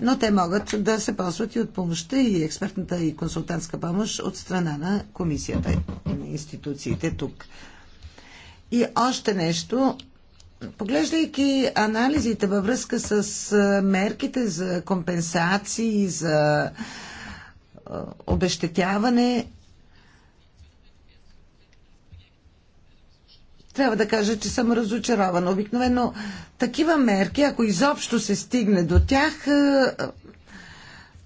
Speaker 4: Но те могат да се ползват и от помощта и експертната и консултантска помощ от страна на комисията и на институциите тук. И още нещо, Поглеждайки анализите във връзка с мерките за компенсации, за обещетяване, трябва да кажа, че съм разочарована. Обикновено такива мерки, ако изобщо се стигне до тях, е,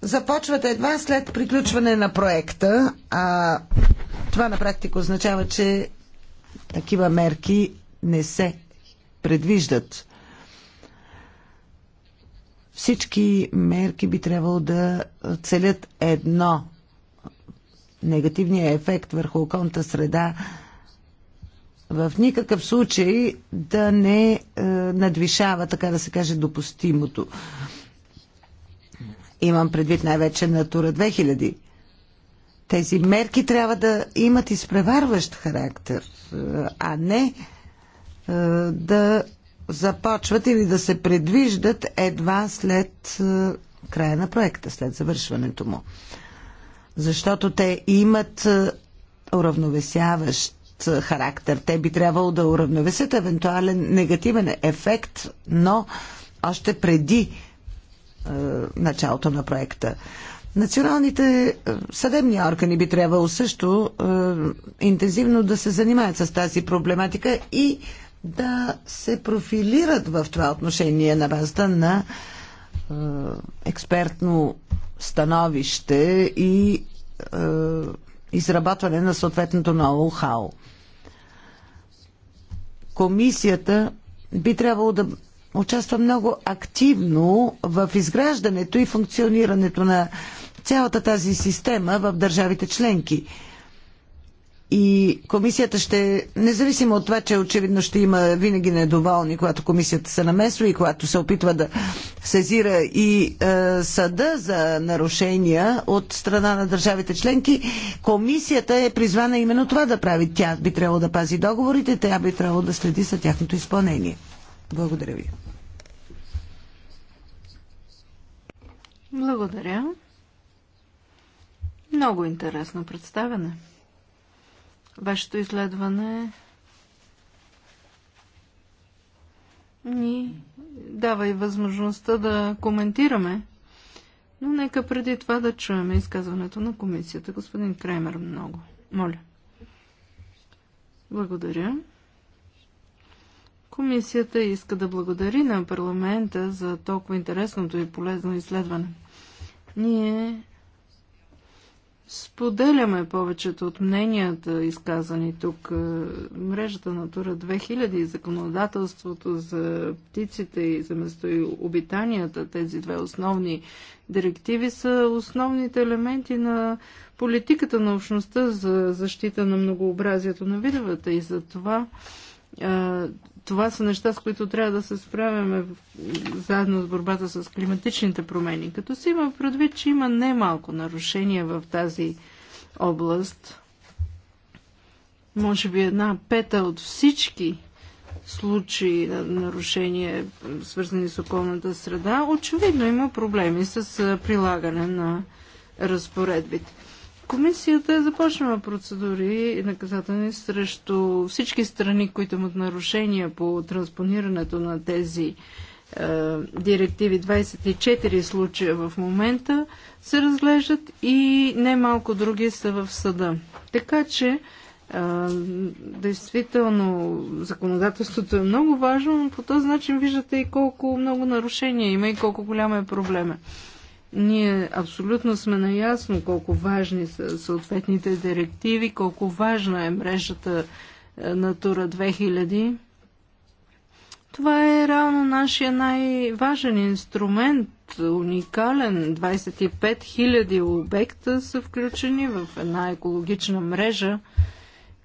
Speaker 4: започват едва след приключване на проекта, а това на практика означава, че такива мерки не се предвиждат. Всички мерки би трябвало да целят едно негативния ефект върху околната среда – в никакъв случай да не е, надвишава, така да се каже, допустимото. Имам предвид най-вече Натура 2000. Тези мерки трябва да имат изпреварващ характер, е, а не е, да започват или да се предвиждат едва след края на проекта, след завършването му. Защото те имат уравновесяващ характер. Те би трябвало да уравновесят евентуален негативен ефект, но още преди е, началото на проекта. Националните съдебни органи би трябвало също е, интензивно да се занимаят с тази проблематика и да се профилират в това отношение на базата на е, експертно становище и е, изработване на съответното ноу-хау комисията би трябвало да участва много активно в изграждането и функционирането на цялата тази система в държавите членки. И комисията ще, независимо от това, че очевидно ще има винаги недоволни, когато комисията се намесва и когато се опитва да сезира и е, съда за нарушения от страна на държавите членки, комисията е призвана именно това да прави. Тя би трябвало да пази договорите, тя би трябвало да следи за тяхното изпълнение. Благодаря ви.
Speaker 3: Благодаря. Много интересно представяне вашето изследване ни дава и възможността да коментираме. Но нека преди това да чуем изказването на комисията. Господин Креймер, много. Моля. Благодаря. Комисията иска да благодари на парламента за толкова интересното и полезно изследване. Ние Споделяме повечето от мненията, изказани тук. Е, Мрежата Натура 2000 и законодателството за птиците и за местообитанията, тези две основни директиви, са основните елементи на политиката на общността за защита на многообразието на видовете. И за това е, това са неща, с които трябва да се справяме заедно с борбата с климатичните промени. Като се има предвид, че има немалко нарушения в тази област, може би една пета от всички случаи на нарушения, свързани с околната среда, очевидно има проблеми с прилагане на разпоредбите. Комисията е започнала процедури наказателни срещу всички страни, които имат нарушения по транспонирането на тези е, директиви. 24 случая в момента се разглеждат и немалко други са в съда. Така че е, действително законодателството е много важно, но по този начин виждате и колко много нарушения има и колко голяма е проблема. Ние абсолютно сме наясно колко важни са съответните директиви, колко важна е мрежата е, Натура 2000. Това е реално нашия най-важен инструмент, уникален. 25 000 обекта са включени в една екологична мрежа,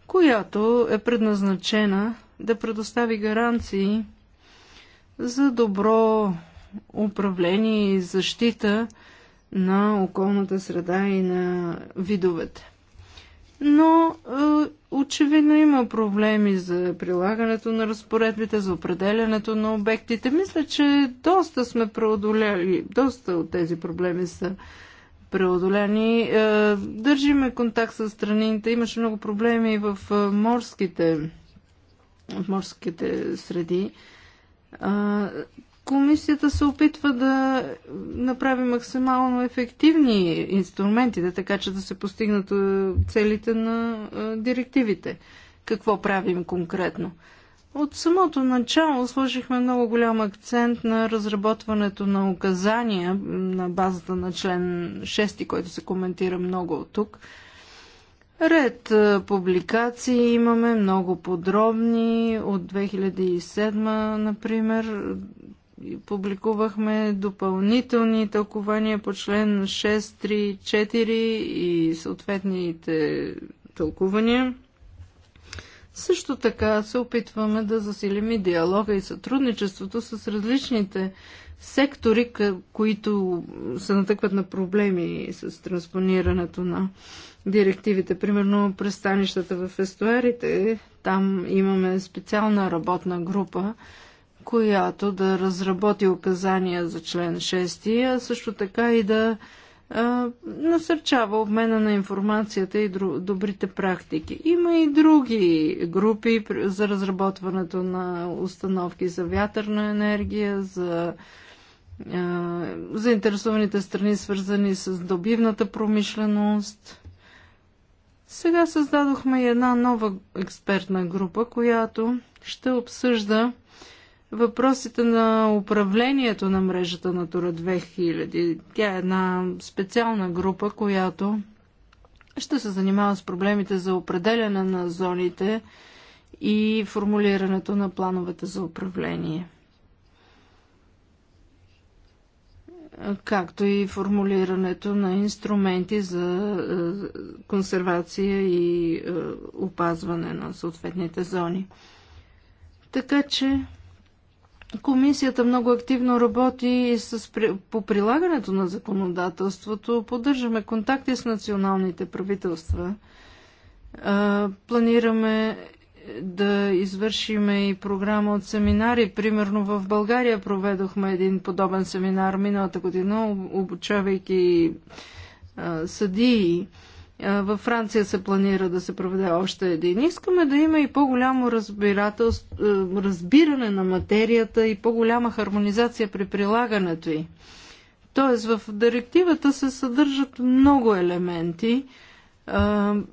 Speaker 3: която е предназначена да предостави гаранции за добро управление и защита на околната среда и на видовете. Но е, очевидно има проблеми за прилагането на разпоредбите, за определянето на обектите. Мисля, че доста сме преодоляли, доста от тези проблеми са преодоляни. Е, държиме контакт с страните. Имаше много проблеми в е, морските, в морските среди. Комисията се опитва да направи максимално ефективни инструментите, така че да се постигнат целите на директивите. Какво правим конкретно? От самото начало сложихме много голям акцент на разработването на указания на базата на член 6, който се коментира много от тук. Ред публикации имаме много подробни от 2007, например, публикувахме допълнителни тълкования по член 634 и съответните тълкувания. Също така се опитваме да засилим и диалога и сътрудничеството с различните сектори, които се натъкват на проблеми с транспонирането на директивите. Примерно пристанищата в естуарите, там имаме специална работна група, която да разработи указания за член 6, а също така и да а, насърчава обмена на информацията и добрите практики. Има и други групи за разработването на установки за вятърна енергия, за заинтересованите страни, свързани с добивната промишленост. Сега създадохме една нова експертна група, която ще обсъжда въпросите на управлението на мрежата на Тура 2000. Тя е една специална група, която ще се занимава с проблемите за определяне на зоните и формулирането на плановете за управление. Както и формулирането на инструменти за е, консервация и е, опазване на съответните зони. Така че Комисията много активно работи и с, по прилагането на законодателството. Поддържаме контакти с националните правителства. А, планираме да извършиме и програма от семинари. Примерно в България проведохме един подобен семинар миналата година, обучавайки съдии. Във Франция се планира да се проведе още един. Искаме да има и по-голямо разбиране на материята и по-голяма хармонизация при прилагането й. Тоест в директивата се съдържат много елементи.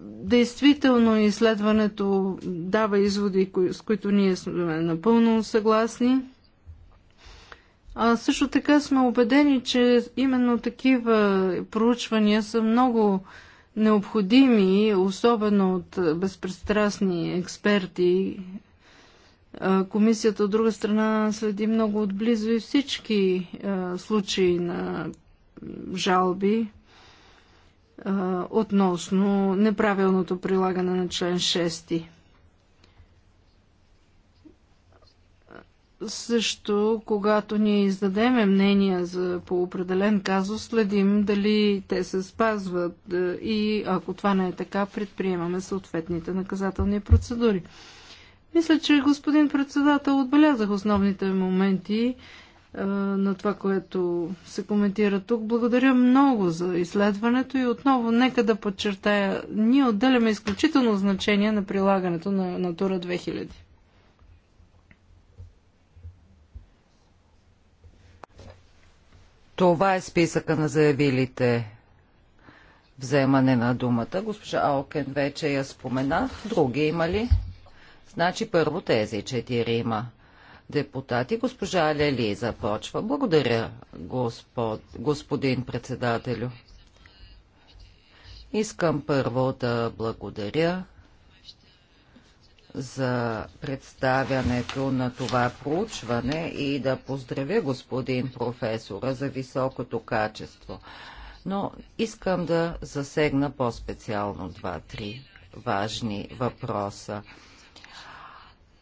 Speaker 3: Действително изследването дава изводи, с които ние сме напълно съгласни. А също така сме убедени, че именно такива проучвания са много необходими, особено от безпристрастни експерти. Комисията от друга страна следи много отблизо и всички случаи на жалби относно неправилното прилагане на член 6. също, когато ние издадеме мнения за, по определен казус, следим дали те се спазват е, и ако това не е така, предприемаме съответните наказателни процедури. Мисля, че господин председател отбелязах основните моменти е, на това, което се коментира тук. Благодаря много за изследването и отново нека да подчертая, ние отделяме изключително значение на прилагането на Натура 2000.
Speaker 1: Това е списъка на заявилите вземане на думата. Госпожа Алкен вече я спомена. Други има ли? Значи първо тези четири има депутати. Госпожа Лели започва. Благодаря, господ, господин председателю. Искам първо да благодаря за представянето на това проучване и да поздравя господин професора за високото качество. Но искам да засегна по-специално два-три важни въпроса.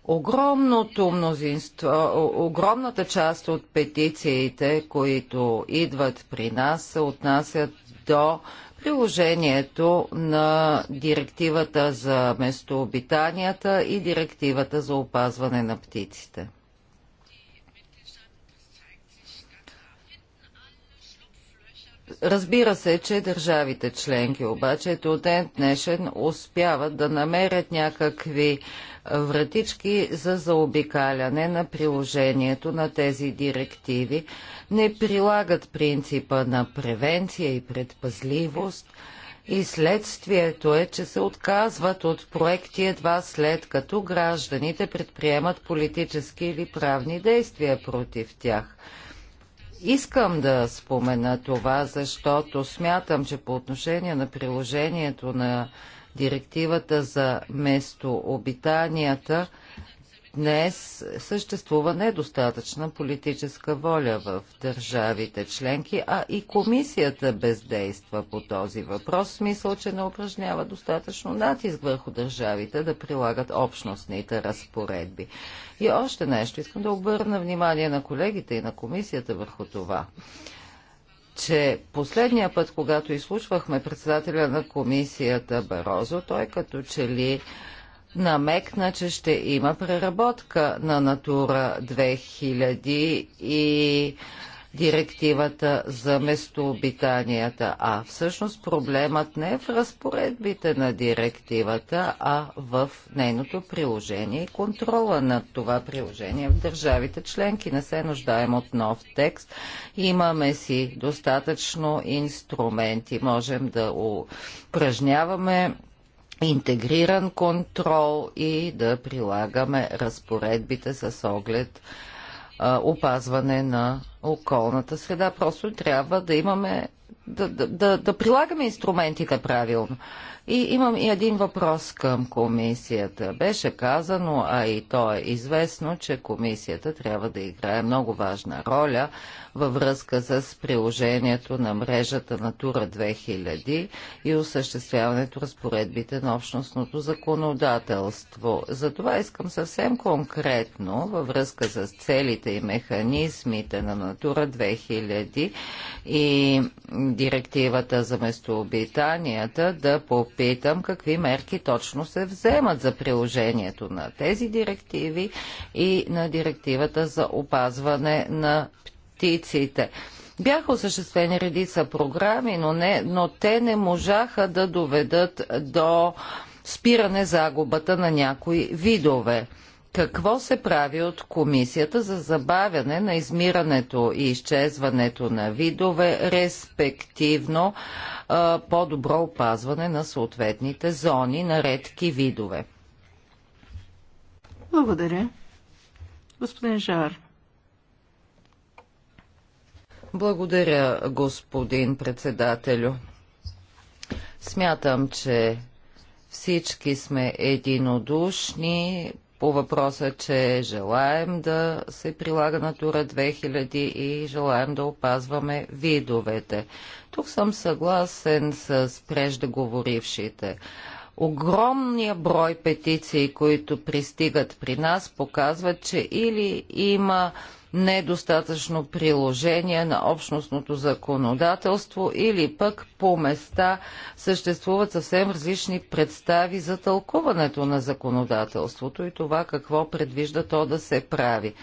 Speaker 1: Огромното мнозинство, огромната част от петициите, които идват при нас, се отнасят до приложението на директивата за местообитанията и директивата за опазване на птиците. Разбира се, че държавите членки обаче до ден днешен успяват да намерят някакви вратички за заобикаляне на приложението на тези директиви, не прилагат принципа на превенция и предпазливост и следствието е, че се отказват от проекти едва след като гражданите предприемат политически или правни действия против тях. Искам да спомена това, защото смятам, че по отношение на приложението на директивата за местообитанията, днес съществува недостатъчна политическа воля в държавите членки, а и комисията бездейства по този въпрос, в смисъл, че не упражнява достатъчно натиск върху държавите да прилагат общностните разпоредби. И още нещо, искам да обърна внимание на колегите и на комисията върху това че последния път, когато изслушвахме председателя на комисията Барозо, той като че ли намекна, че ще има преработка на Натура 2000 и директивата за местообитанията. А всъщност проблемът не е в разпоредбите на директивата, а в нейното приложение и контрола на това приложение в държавите членки. Не се нуждаем от нов текст. Имаме си достатъчно инструменти. Можем да упражняваме интегриран контрол и да прилагаме разпоредбите с оглед опазване на околната среда. Просто трябва да имаме, да, да, да, да прилагаме инструментите правилно. И имам и един въпрос към комисията. Беше казано, а и то е известно, че комисията трябва да играе много важна роля във връзка с приложението на мрежата на Тура 2000 и осъществяването разпоредбите на общностното законодателство. Затова искам съвсем конкретно във връзка с целите и механизмите на Натура 2000 и директивата за местообитанията да попитам попитам какви мерки точно се вземат за приложението на тези директиви и на директивата за опазване на птиците. Бяха осъществени редица програми, но, не, но те не можаха да доведат до спиране загубата на някои видове какво се прави от комисията за забавяне на измирането и изчезването на видове, респективно по-добро опазване на съответните зони на редки видове. Благодаря. Господин Жар. Благодаря, господин председателю. Смятам, че всички сме единодушни по въпроса, че желаем да се прилага Натура 2000 и желаем да опазваме видовете. Тук съм съгласен с преждеговорившите. Огромният брой петиции, които пристигат при нас, показват, че или има недостатъчно приложение на общностното законодателство или пък по места съществуват съвсем различни представи за тълкуването на законодателството и това какво предвижда то да се прави.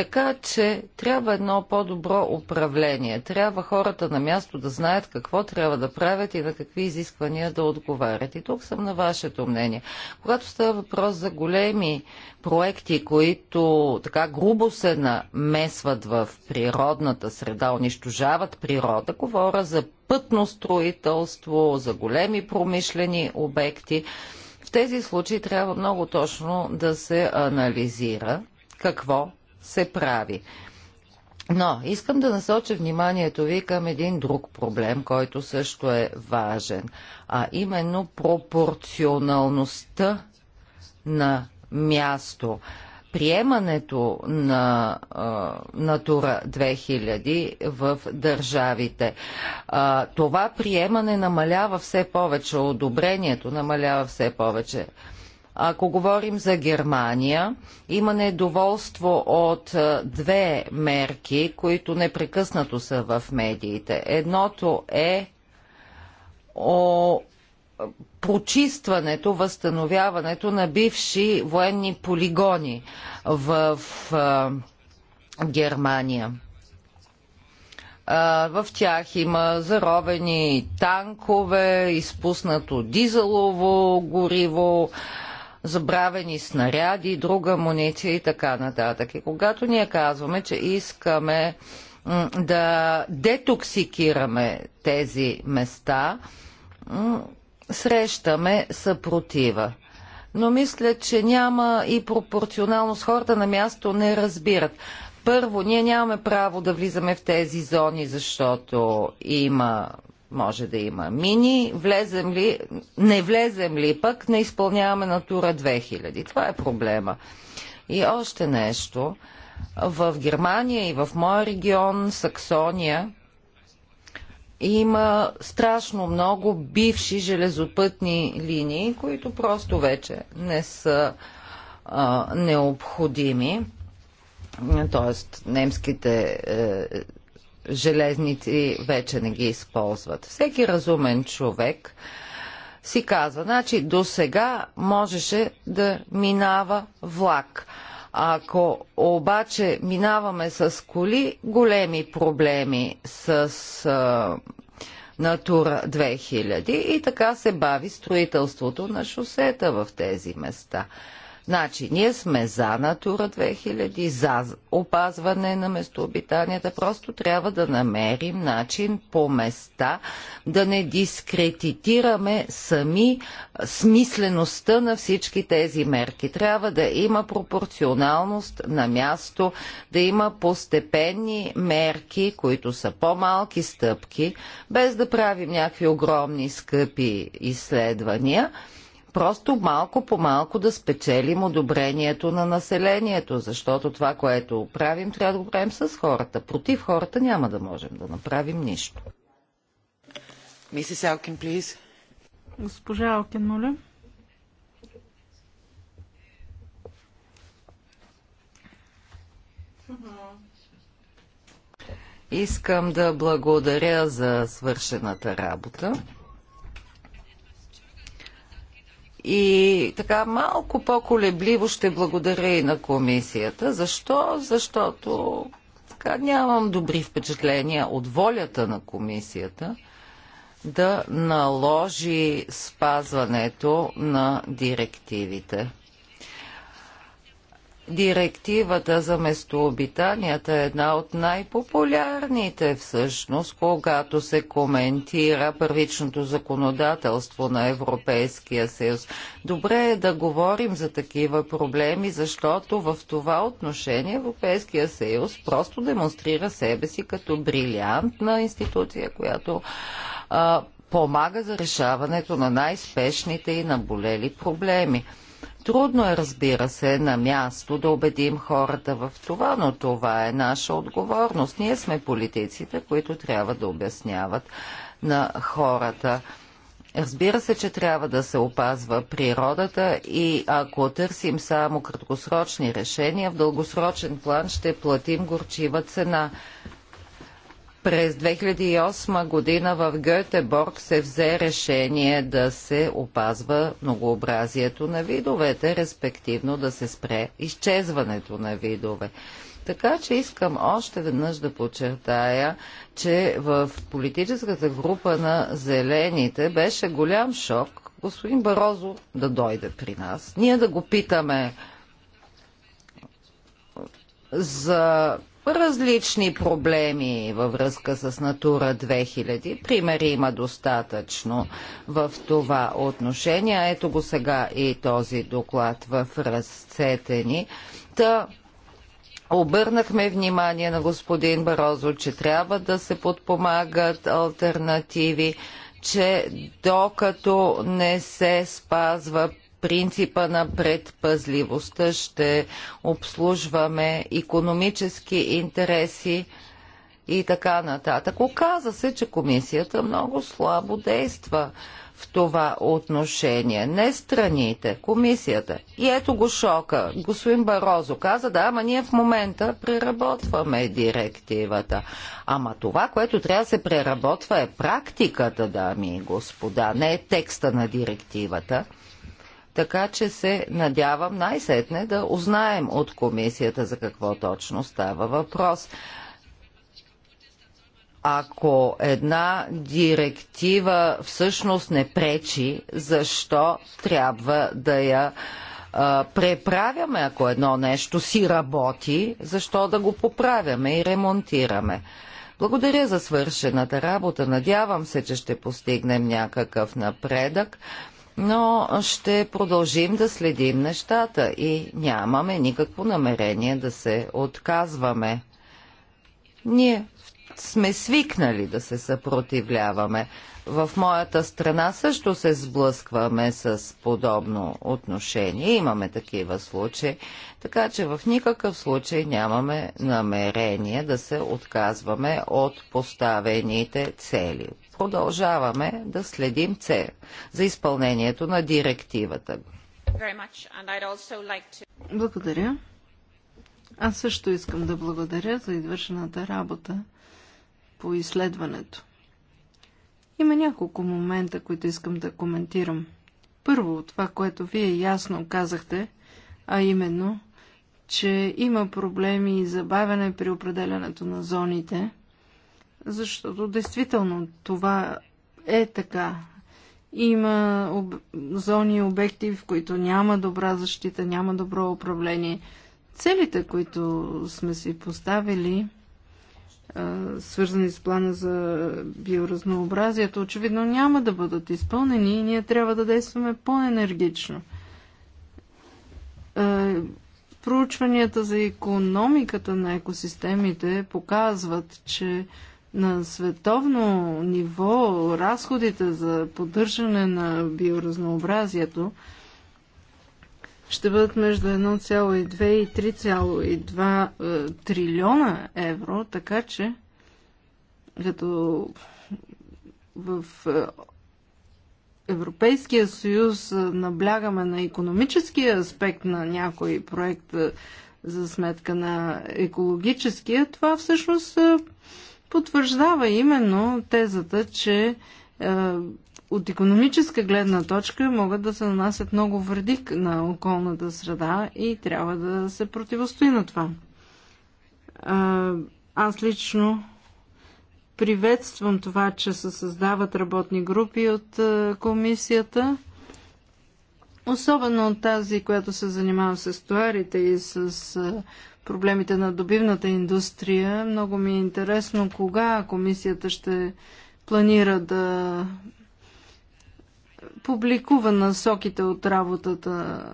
Speaker 1: Така че трябва едно по-добро управление. Трябва хората на място да знаят какво трябва да правят и на какви изисквания да отговарят. И тук съм на вашето мнение. Когато става въпрос за големи проекти, които така грубо се намесват в природната среда, унищожават природа, говоря за пътно строителство, за големи промишлени обекти, в тези случаи трябва много точно да се анализира какво се прави. Но искам да насоча вниманието ви към един друг проблем, който също е важен, а именно пропорционалността на място. Приемането на а, Натура 2000 в държавите. А, това приемане намалява все повече, одобрението намалява все повече. А, ако говорим за Германия, има недоволство от е, две мерки, които непрекъснато са в медиите. Едното е о прочистването, възстановяването на бивши военни полигони в е, Германия. Е, в тях има заровени танкове, изпуснато дизелово гориво, забравени снаряди, друга амуниция и така нататък. И когато ние казваме, че искаме да детоксикираме тези места, срещаме съпротива. Но мисля, че няма и пропорционалност. Хората на място не разбират. Първо, ние нямаме право да влизаме в тези зони, защото има може да има мини, влезем ли, не влезем ли пък, не изпълняваме Натура 2000. Това е проблема. И още нещо. В Германия и в моя регион, Саксония, има страшно много бивши железопътни линии, които просто вече не са а, необходими. Тоест, немските е, железници вече не ги използват. Всеки разумен човек си казва, значи до сега можеше да минава влак. Ако обаче минаваме с коли, големи проблеми с а, Натура 2000 и така се бави строителството на шосета в тези места. Значи, ние сме за Натура 2000, за опазване на местообитанията. Просто трябва да намерим начин по места да не дискредитираме сами смислеността на всички тези мерки. Трябва да има пропорционалност на място, да има постепенни мерки, които са по-малки стъпки, без да правим някакви огромни скъпи изследвания – просто малко по малко да спечелим одобрението на населението, защото това, което правим, трябва да го правим с хората. Против хората няма да можем да направим нищо. Мисис Алкин, плиз.
Speaker 3: Госпожа Алкин, моля. Искам
Speaker 1: да благодаря за свършената работа. И така малко по-колебливо ще благодаря и на комисията. Защо? Защото така нямам добри впечатления от волята на комисията да наложи спазването на директивите. Директивата за местообитанията е една от най-популярните всъщност, когато се коментира първичното законодателство на Европейския съюз. Добре е да говорим за такива проблеми, защото в това отношение Европейския съюз просто демонстрира себе си като брилянтна институция, която а, помага за решаването на най-спешните и наболели проблеми. Трудно е, разбира се, на място да убедим хората в това, но това е наша отговорност. Ние сме политиците, които трябва да обясняват на хората. Разбира се, че трябва да се опазва природата и ако търсим само краткосрочни решения, в дългосрочен план ще платим горчива цена – през 2008 година в Гетеборг се взе решение да се опазва многообразието на видовете, респективно да се спре изчезването на видове. Така че искам още веднъж да подчертая, че в политическата група на зелените беше голям шок господин Барозо да дойде при нас. Ние да го питаме за различни проблеми във връзка с Натура 2000. Примери има достатъчно в това отношение. Ето го сега и този доклад в разцете ни. Та Обърнахме внимание на господин Барозо, че трябва да се подпомагат альтернативи, че докато не се спазва принципа на предпазливостта, ще обслужваме економически интереси и така нататък. Оказа се, че комисията много слабо действа в това отношение. Не страните, комисията. И ето го шока. Господин Барозо каза, да, ама ние в момента преработваме директивата. Ама това, което трябва да се преработва е практиката, дами и господа, не е текста на директивата. Така че се надявам най-сетне да узнаем от комисията за какво точно става въпрос ако една директива всъщност не пречи, защо трябва да я а, преправяме, ако едно нещо си работи, защо да го поправяме и ремонтираме. Благодаря за свършената работа. Надявам се, че ще постигнем някакъв напредък но ще продължим да следим нещата и нямаме никакво намерение да се отказваме. Ние сме свикнали да се съпротивляваме. В моята страна също се сблъскваме с подобно отношение. Имаме такива случаи. Така че в никакъв случай нямаме намерение да се отказваме от поставените цели, продължаваме да следим це за
Speaker 3: изпълнението на директивата. Благодаря. Аз също искам да благодаря за извършената работа по изследването. Има няколко момента, които искам да коментирам. Първо, това, което вие ясно казахте, а именно, че има проблеми и забавяне при определенето на зоните – защото действително това е така. Има об... зони и обекти, в които няма добра защита, няма добро управление. Целите, които сме си поставили, свързани с плана за биоразнообразието, очевидно няма да бъдат изпълнени и ние трябва да действаме по-енергично. Проучванията за економиката на екосистемите показват, че на световно ниво разходите за поддържане на биоразнообразието ще бъдат между 1,2 и 3,2 е, трилиона евро, така че като в е, Европейския съюз е, наблягаме на економическия аспект на някой проект за сметка на екологическия, това всъщност потвърждава именно тезата, че е, от економическа гледна точка могат да се нанасят много вреди на околната среда и трябва да се противостои на това. Е, аз лично приветствам това, че се създават работни групи от е, комисията. Особено от тази, която се занимава с туарите и с е, проблемите на добивната индустрия. Много ми е интересно кога комисията ще планира да публикува насоките от работата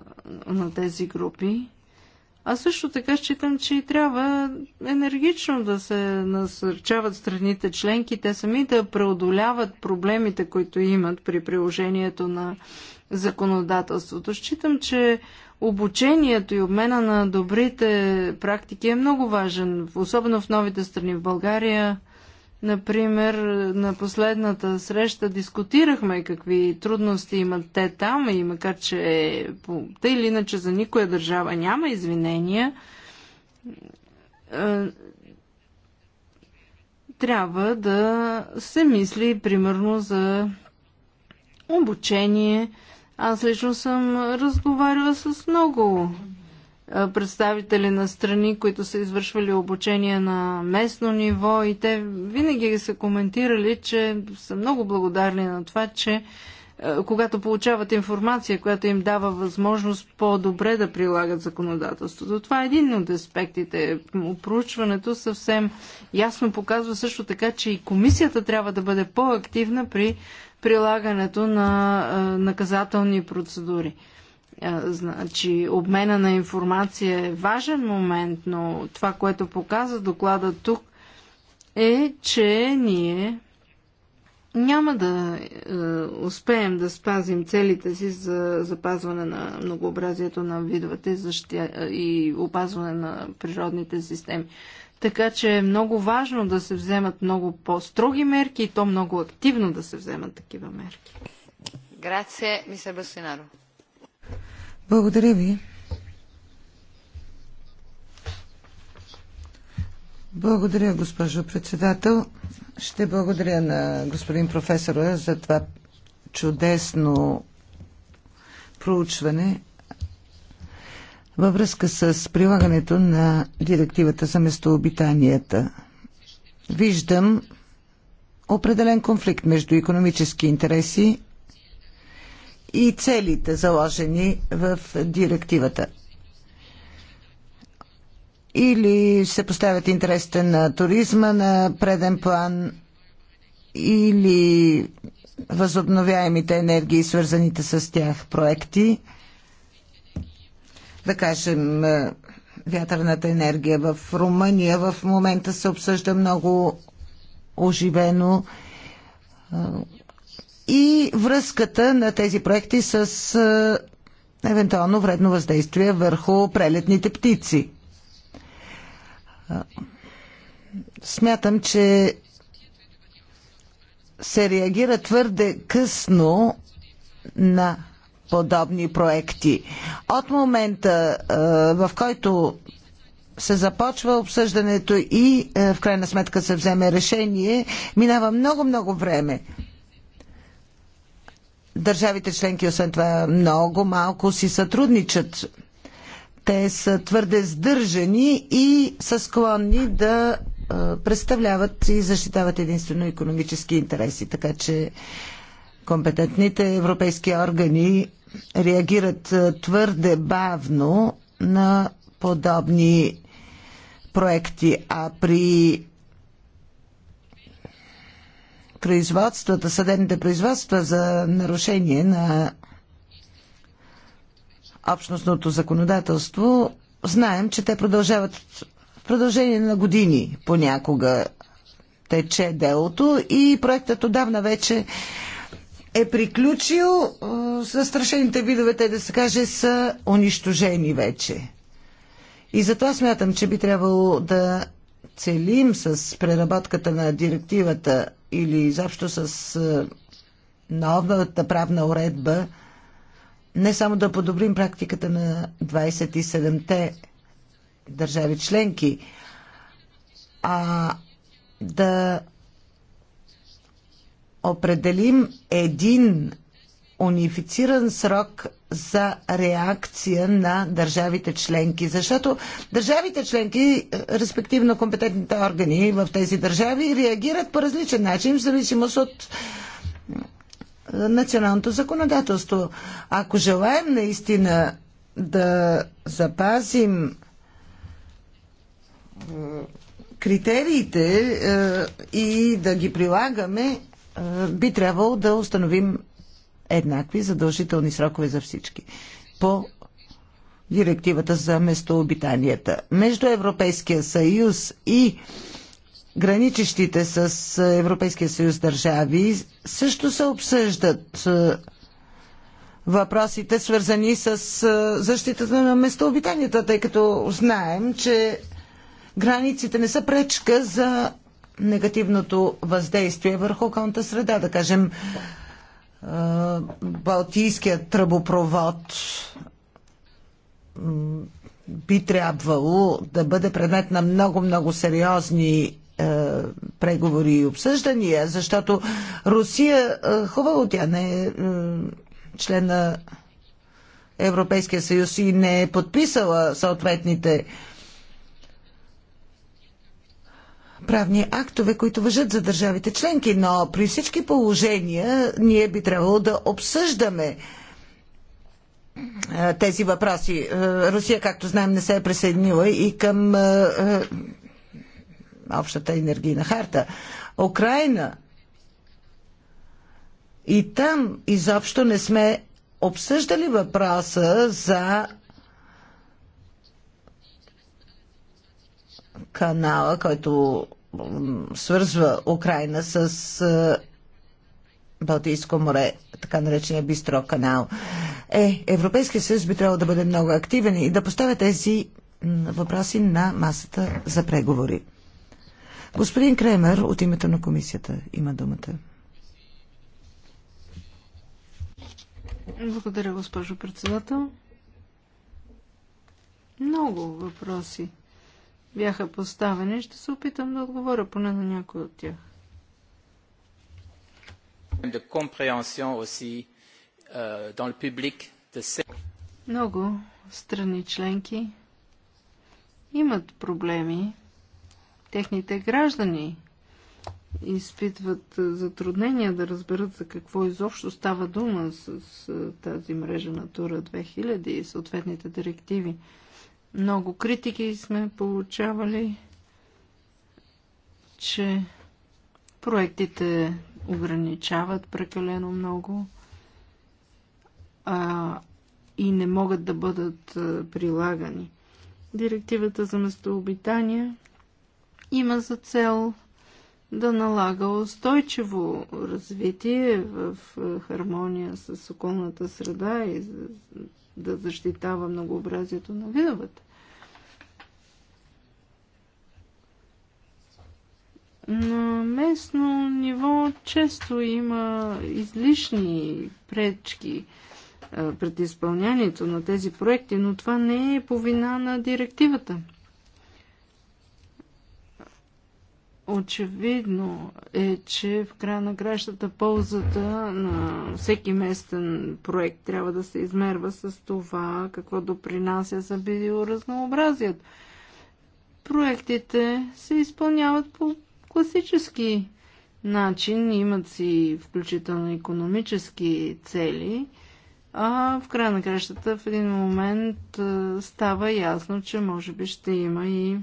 Speaker 3: на тези групи. А също така считам, че и трябва енергично да се насърчават страните членки, те сами да преодоляват проблемите, които имат при приложението на законодателството. Считам, че обучението и обмена на добрите практики е много важен, особено в новите страни. В България, например, на последната среща дискутирахме какви трудности имат те там и макар, че е тъй или иначе за никоя държава няма извинения, е, трябва да се мисли примерно за обучение, аз лично съм разговаряла с много представители на страни, които са извършвали обучение на местно ниво и те винаги са коментирали, че са много благодарни на това, че когато получават информация, която им дава възможност по-добре да прилагат законодателството. Това е един от аспектите. Опручването съвсем ясно показва също така, че и комисията трябва да бъде по-активна при прилагането на наказателни процедури. Значи, обмена на информация е важен момент, но това, което показва доклада тук, е, че ние няма да е, успеем да спазим целите си за запазване на многообразието на видовете защита, и опазване на природните системи. Така че е много важно да се вземат много по-строги мерки и то много активно да се вземат такива мерки.
Speaker 2: Грация, мисър Басинаро.
Speaker 3: Благодаря
Speaker 4: ви. Благодаря, госпожо председател. Ще благодаря на господин професора за това чудесно проучване във връзка с прилагането на директивата за местообитанията. Виждам определен конфликт между економически интереси и целите заложени в директивата. Или се поставят интересите на туризма на преден план, или възобновяемите енергии, свързаните с тях проекти – да кажем, е, вятърната енергия в Румъния в момента се обсъжда много оживено е, и връзката на тези проекти с е, евентуално вредно въздействие върху прелетните птици. Смятам, че се реагира твърде късно на подобни проекти. От момента, е, в който се започва обсъждането и е, в крайна сметка се вземе решение, минава много-много време. Държавите членки, освен това, много малко си сътрудничат. Те са твърде сдържани и са склонни да е, представляват и защитават единствено економически интереси. Така че компетентните европейски органи реагират е, твърде бавно на подобни проекти, а при производствата, съдебните производства за нарушение на общностното законодателство, знаем, че те продължават в продължение на години понякога тече делото и проектът отдавна вече е приключил, с е, страшените видове, те да се каже, са унищожени вече. И затова смятам, че би трябвало да целим с преработката на директивата или изобщо с е, новата правна уредба не само да подобрим практиката на 27-те държави членки, а да определим един унифициран срок за реакция на държавите членки. Защото държавите членки, респективно компетентните органи в тези държави, реагират по различен начин в зависимост от националното законодателство. Ако желаем наистина да запазим критериите е, и да ги прилагаме, е, би трябвало да установим еднакви задължителни срокове за всички по директивата за местообитанията. Между Европейския съюз и граничещите с Европейския съюз държави също се обсъждат е, въпросите, свързани с е, защитата на местообитанията, тъй като знаем, че границите не са пречка за негативното въздействие върху околната среда, да кажем е, Балтийският тръбопровод би трябвало да бъде предмет на много-много сериозни е, преговори и обсъждания, защото Русия, е, хубаво тя не е член на Европейския съюз и не е подписала съответните правни актове, които въжат за държавите членки, но при всички положения ние би трябвало да обсъждаме е, тези въпроси. Е, Русия, както знаем, не се е присъединила и към е, общата енергийна харта. Украина и там изобщо не сме обсъждали въпроса за канала, който свързва Украина с Балтийско море, така наречения Бистро канал. Е, Европейския съюз би трябвало да бъде много активен и да поставя тези въпроси на масата за преговори. Господин Кремер от името на комисията има думата.
Speaker 3: Благодаря, госпожо председател. Много въпроси бяха поставени. Ще се опитам да отговоря поне на някой от тях.
Speaker 2: Euh,
Speaker 3: Много страни членки имат проблеми. Техните граждани изпитват е, затруднения да разберат за какво изобщо става дума с, е, тази мрежа Натура 2000 и съответните директиви. Много критики сме получавали, че проектите ограничават прекалено много а, и не могат да бъдат прилагани. Директивата за местообитания има за цел да налага устойчиво развитие в хармония с околната среда и да защитава многообразието на видовете. На местно ниво често има излишни пречки пред изпълнянието на тези проекти, но това не е по вина на директивата. Очевидно е, че в края на кращата ползата на всеки местен проект трябва да се измерва с това какво допринася за биоразнообразието. Проектите се изпълняват по класически начин, имат си включително економически цели, а в края на кращата в един момент става ясно, че може би ще има и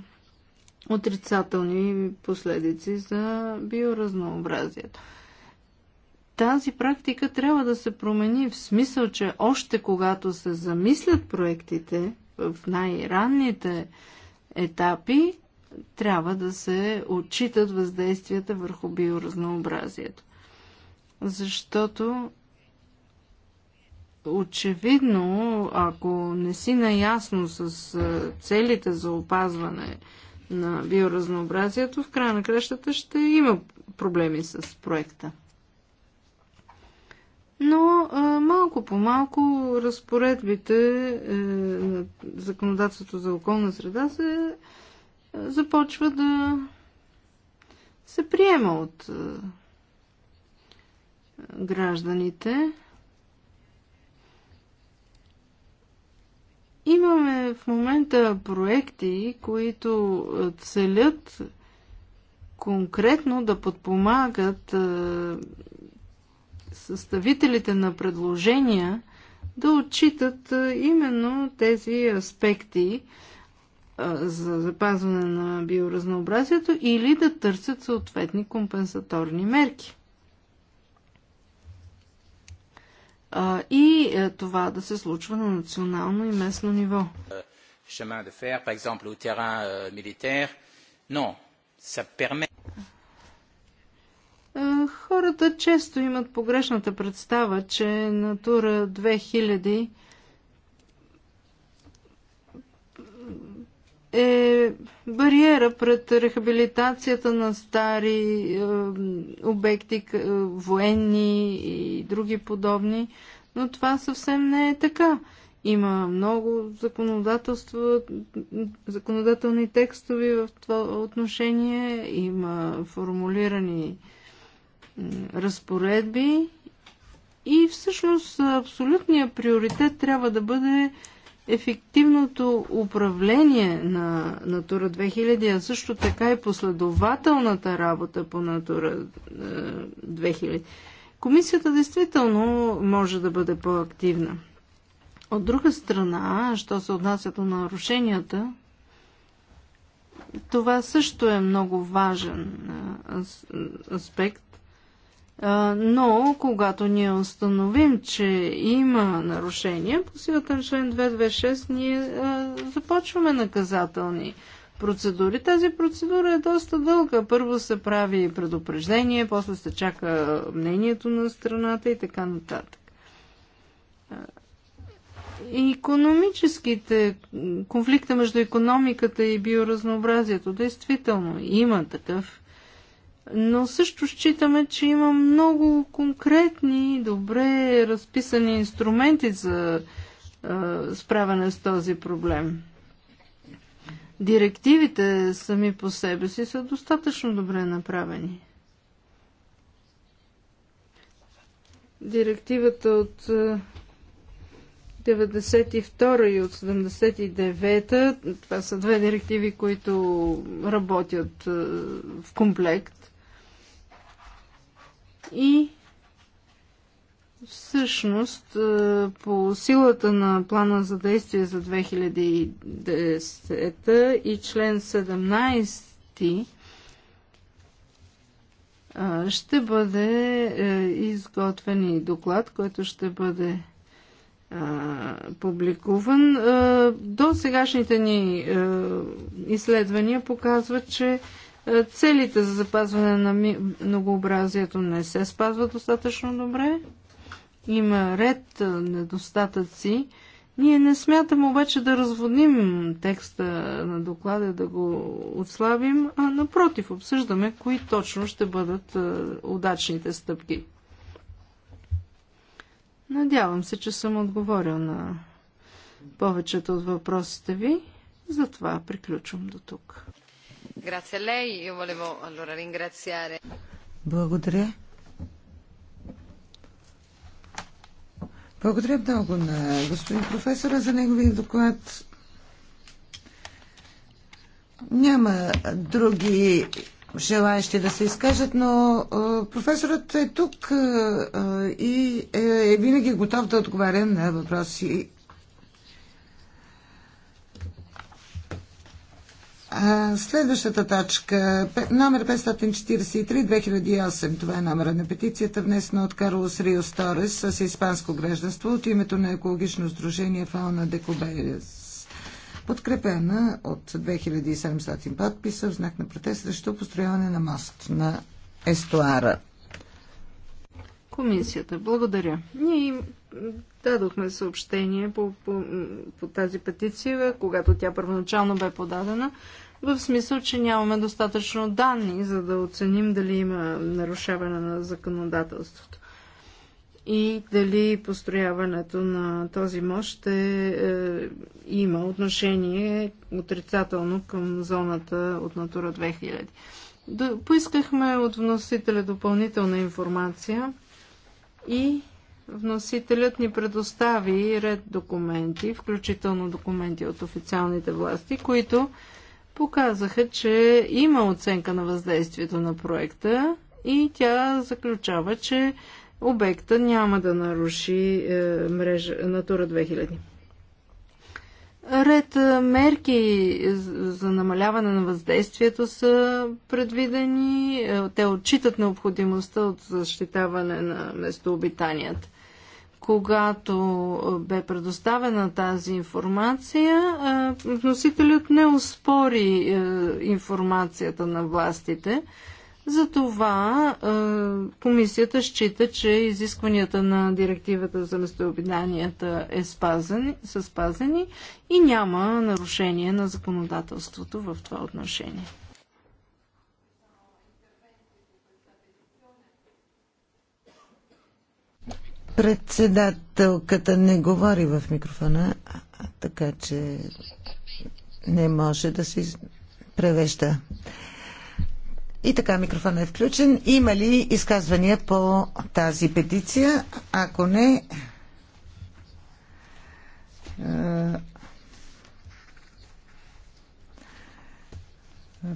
Speaker 3: отрицателни последици за биоразнообразието. Тази практика трябва да се промени в смисъл, че още когато се замислят проектите в най-ранните етапи, трябва да се отчитат въздействията върху биоразнообразието. Защото очевидно, ако не си наясно с целите за опазване на биоразнообразието, в края на кращата ще има проблеми с проекта. Но малко по малко разпоредбите е, на законодателството за околна среда се е, започва да се приема от е, гражданите. Имаме в момента проекти, които е, целят конкретно да подпомагат е, съставителите на предложения да отчитат е, именно тези аспекти за запазване на биоразнообразието или да търсят съответни компенсаторни мерки. и е, това да се случва на национално и местно ниво.
Speaker 2: Е,
Speaker 3: е, хората често имат погрешната представа, че Натура 2000 е бариера пред рехабилитацията на стари е, обекти, е, военни и други подобни, но това съвсем не е така. Има много законодателства, законодателни текстове в това отношение, има формулирани разпоредби и всъщност абсолютният приоритет трябва да бъде ефективното управление на Натура 2000, а също така и последователната работа по Натура 2000. Е, Комисията действително може да бъде по-активна. От друга страна, що се отнася до нарушенията, това също е много важен е, аспект но когато ние установим, че има нарушения, по силата на член 226 ние започваме наказателни процедури. Тази процедура е доста дълга. Първо се прави предупреждение, после се чака мнението на страната и така нататък. Икономическите конфликта между економиката и биоразнообразието, действително има такъв но също считаме, че има много конкретни, добре разписани инструменти за справяне с този проблем. Директивите сами по себе си са достатъчно добре направени. Директивата от 92 и от 79, това са две директиви, които работят в комплект. И всъщност е, по силата на плана за действие за 2010 и член 17 е, ще бъде е, изготвен и доклад, който ще бъде публикуван. До сегашните ни изследвания показват, че Целите за запазване на многообразието не се спазват достатъчно добре. Има ред недостатъци. Ние не смятам обаче да разводним текста на доклада, да го отслабим, а напротив, обсъждаме кои точно ще бъдат удачните стъпки. Надявам се, че съм отговорил на повечето от въпросите ви, затова приключвам до тук.
Speaker 4: Благодаря. Благодаря много на господин професора за неговия доклад. Няма други желаящи да се изкажат, но професорът е тук и е, е винаги готов да отговаря на въпроси Следващата точка, номер 543-2008, това е номера на петицията, внесена от Карлос Риос Торес с испанско гражданство от името на екологично сдружение Фауна Декобелес, подкрепена от 2700 подписа в знак на протест срещу построяване на мост на Естуара.
Speaker 3: Комисията, благодаря. Ние им дадохме съобщение по, по, по тази петиция, когато тя първоначално бе подадена в смисъл, че нямаме достатъчно данни, за да оценим дали има нарушаване на законодателството и дали построяването на този мост ще е, има отношение отрицателно към зоната от Натура 2000. До, поискахме от вносителя допълнителна информация и вносителят ни предостави ред документи, включително документи от официалните власти, които показаха, че има оценка на въздействието на проекта и тя заключава, че обекта няма да наруши е, мрежа Натура 2000. Ред е, мерки за намаляване на въздействието са предвидени. Е, те отчитат необходимостта от защитаване на местообитанията когато бе предоставена тази информация, вносителят не успори информацията на властите. Затова комисията счита, че изискванията на директивата за местообиданията е спазен, са спазени и няма нарушение на законодателството в това отношение.
Speaker 4: Председателката не говори в микрофона, така че не може да се превежда. И така, микрофонът е включен. Има ли изказвания по тази петиция? Ако не,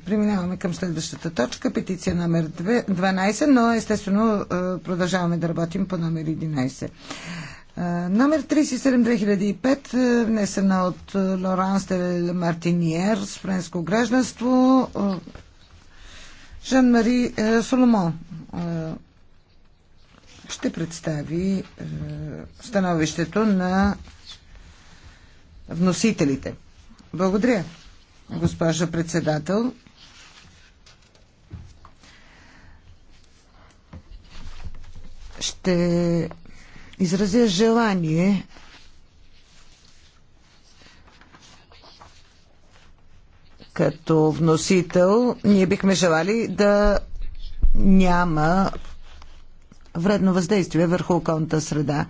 Speaker 4: Преминаваме към следващата точка, петиция номер 12, но естествено е, продължаваме да работим по номер 11. Е, номер 37-2005, е, внесена от Лоранс де Мартиниер с френско гражданство, Жан-Мари Соломон ще представи становището на вносителите. Благодаря госпожо председател. Ще изразя желание като вносител, ние бихме желали да няма вредно въздействие върху околната среда.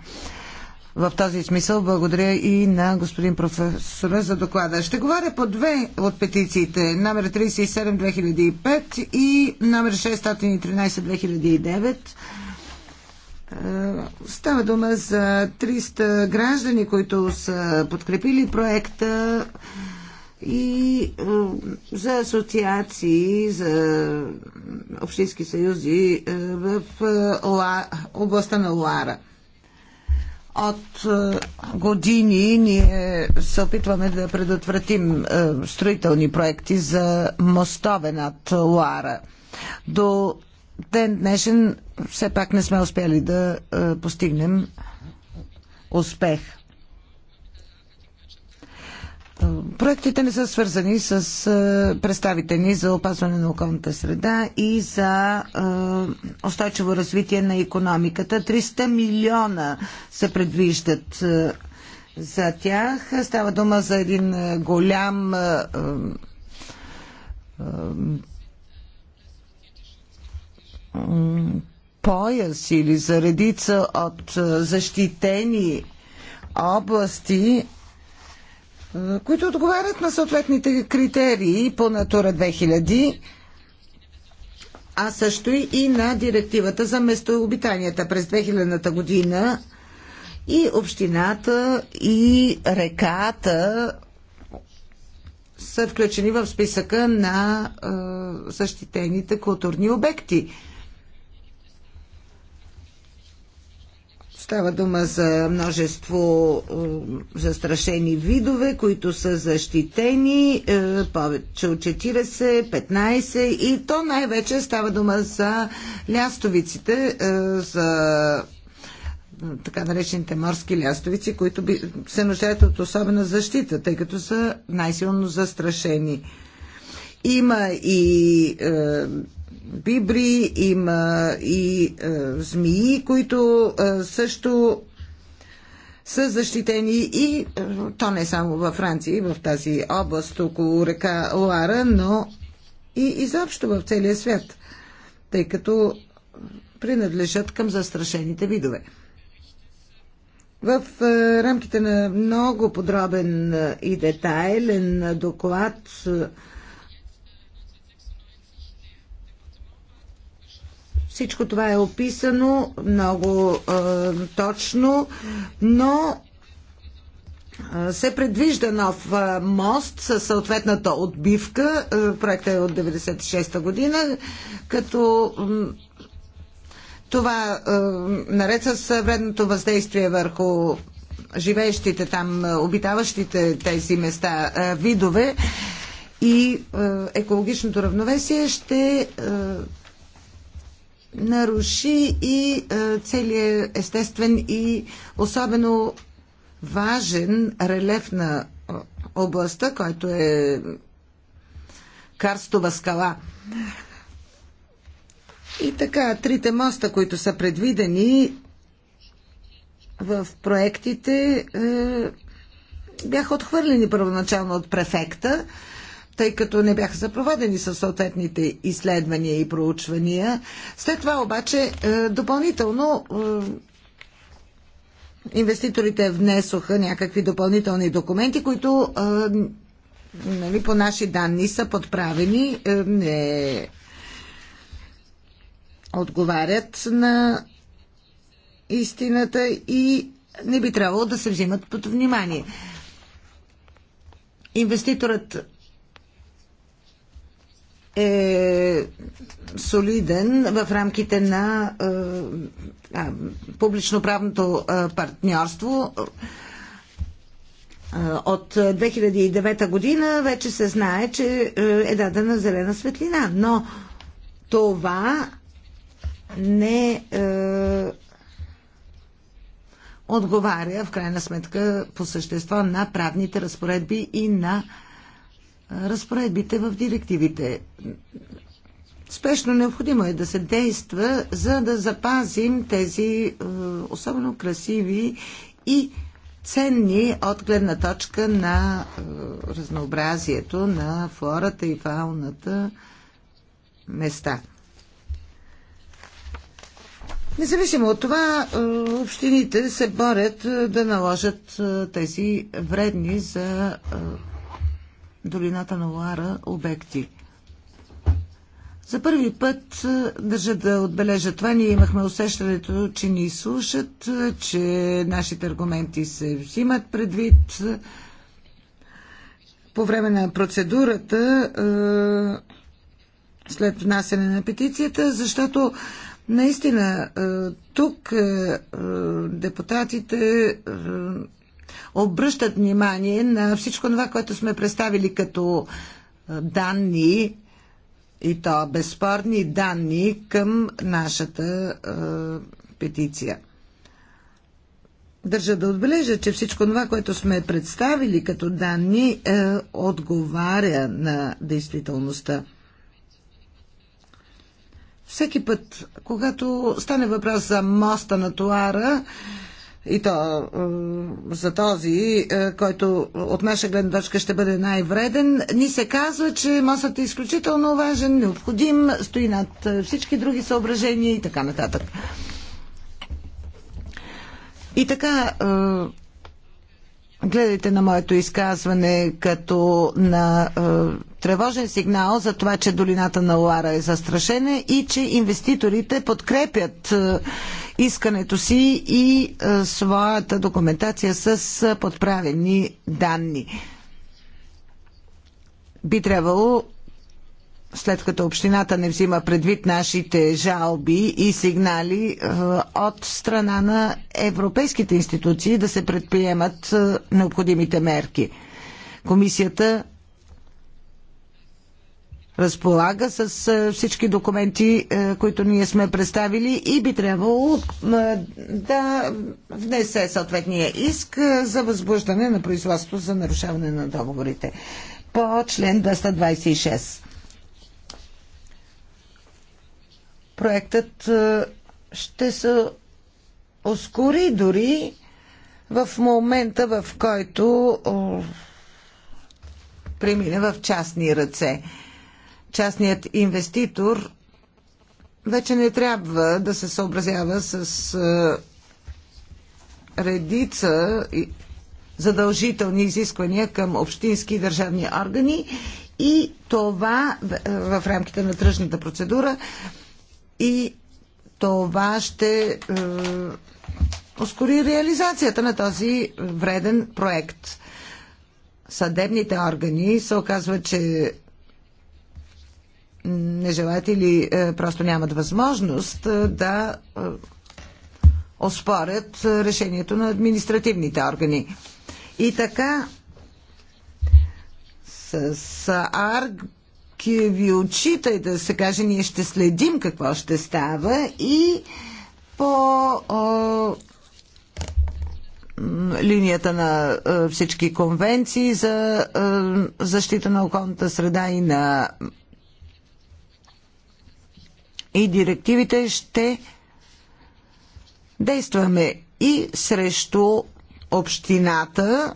Speaker 4: В този смисъл благодаря и на господин професор за доклада. Ще говоря по две от петициите, номер 37-2005 и номер 613-2009. Е, става дума за 300 граждани, които са подкрепили проекта и е, за асоциации, за общински съюзи е, в областта на Лара. От е, години ние се опитваме да предотвратим е, строителни проекти за мостове над Луара. До ден днешен все пак не сме успяли да е, постигнем успех. Проектите не са свързани с представите ни за опазване на околната среда и за устойчиво развитие на економиката. 300 милиона се предвиждат за тях. Става дума за един голям пояс или за редица от защитени области е, които отговарят на съответните критерии по Натура 2000, а също и на директивата за местообитанията през 2000-та година и общината и реката са включени в списъка на е, защитените културни обекти. Става дума за множество застрашени видове, които са защитени, е, повече от 40, 15 и то най-вече става дума за лястовиците, е, за така наречените морски лястовици, които би, се нуждаят от особена защита, тъй като са най-силно застрашени. Има и е, бибри, има и е, змии, които е, също са защитени и е, то не само във Франция и в тази област около река Луара, но и изобщо в целия свят, тъй като принадлежат към застрашените видове. В е, рамките на много подробен е, и детайлен е, доклад Всичко това е описано много е, точно, но е, се предвижда нов е, мост със съответната отбивка. Е, проектът е от 96-та година, като това наред с вредното въздействие върху живеещите там, обитаващите тези места видове и екологичното равновесие ще наруши и е, целият естествен и особено важен релеф на е, областта, който е Карстова скала. И така, трите моста, които са предвидени в проектите, е, бяха отхвърлени първоначално от префекта тъй като не бяха съпроводени с съответните изследвания и проучвания. След това обаче е, допълнително е, инвеститорите внесоха някакви допълнителни документи, които е, нали, по наши данни са подправени, не отговарят на истината и не би трябвало да се взимат под внимание. Инвеститорът е солиден в рамките на е, публично-правното е, партньорство. Е, от 2009 година вече се знае, че е дадена зелена светлина, но това не е, отговаря в крайна сметка по същество на правните разпоредби и на е, разпоредбите в директивите. Спешно необходимо е да се действа, за да запазим тези е, особено красиви и ценни от гледна точка на е, разнообразието на флората и фауната места. Независимо от това, е, общините се борят да наложат тези вредни за долината на Луара обекти. За първи път, е, държа да отбележа това, ние имахме усещането, че ни слушат, е, че нашите аргументи се взимат предвид. По време на процедурата, е, след внасяне на петицията, защото наистина тук депутатите обръщат внимание на всичко това, което сме представили като данни и то безспорни данни към нашата е, петиция. Държа да отбележа, че всичко това, което сме представили като данни, е, отговаря на действителността. Всеки път, когато стане въпрос за моста на Туара, е, и то е, за този, е, който от наша гледна точка ще бъде най-вреден, ни се казва, че мостът е изключително важен, необходим, стои над е, всички други съображения и така нататък. И така, гледайте на моето изказване като на е, тревожен сигнал за това, че долината на Луара е застрашена и че инвеститорите подкрепят е, искането си и е, своята документация с е, подправени данни. Би трябвало след като общината не взима предвид нашите жалби и сигнали е, от страна на европейските институции да се предприемат е, необходимите мерки. Комисията разполага с е, всички документи, които ние сме представили и би трябвало да внесе съответния иск за възбуждане на производство за нарушаване на договорите по член 226. проектът е, ще се ускори дори в момента, в който е, премине в частни ръце. Частният инвеститор вече не трябва да се съобразява с е, редица задължителни изисквания към общински и държавни органи и това в рамките на тръжната процедура и това ще е, ускори реализацията на този вреден проект. Съдебните органи се оказва, че не желаят или е, просто нямат възможност е, да оспорят решението на административните органи. И така с арг е ви очи, и да се каже, ние ще следим какво ще става и по о, линията на о, всички конвенции за о, защита на околната среда и на и директивите ще действаме и срещу общината,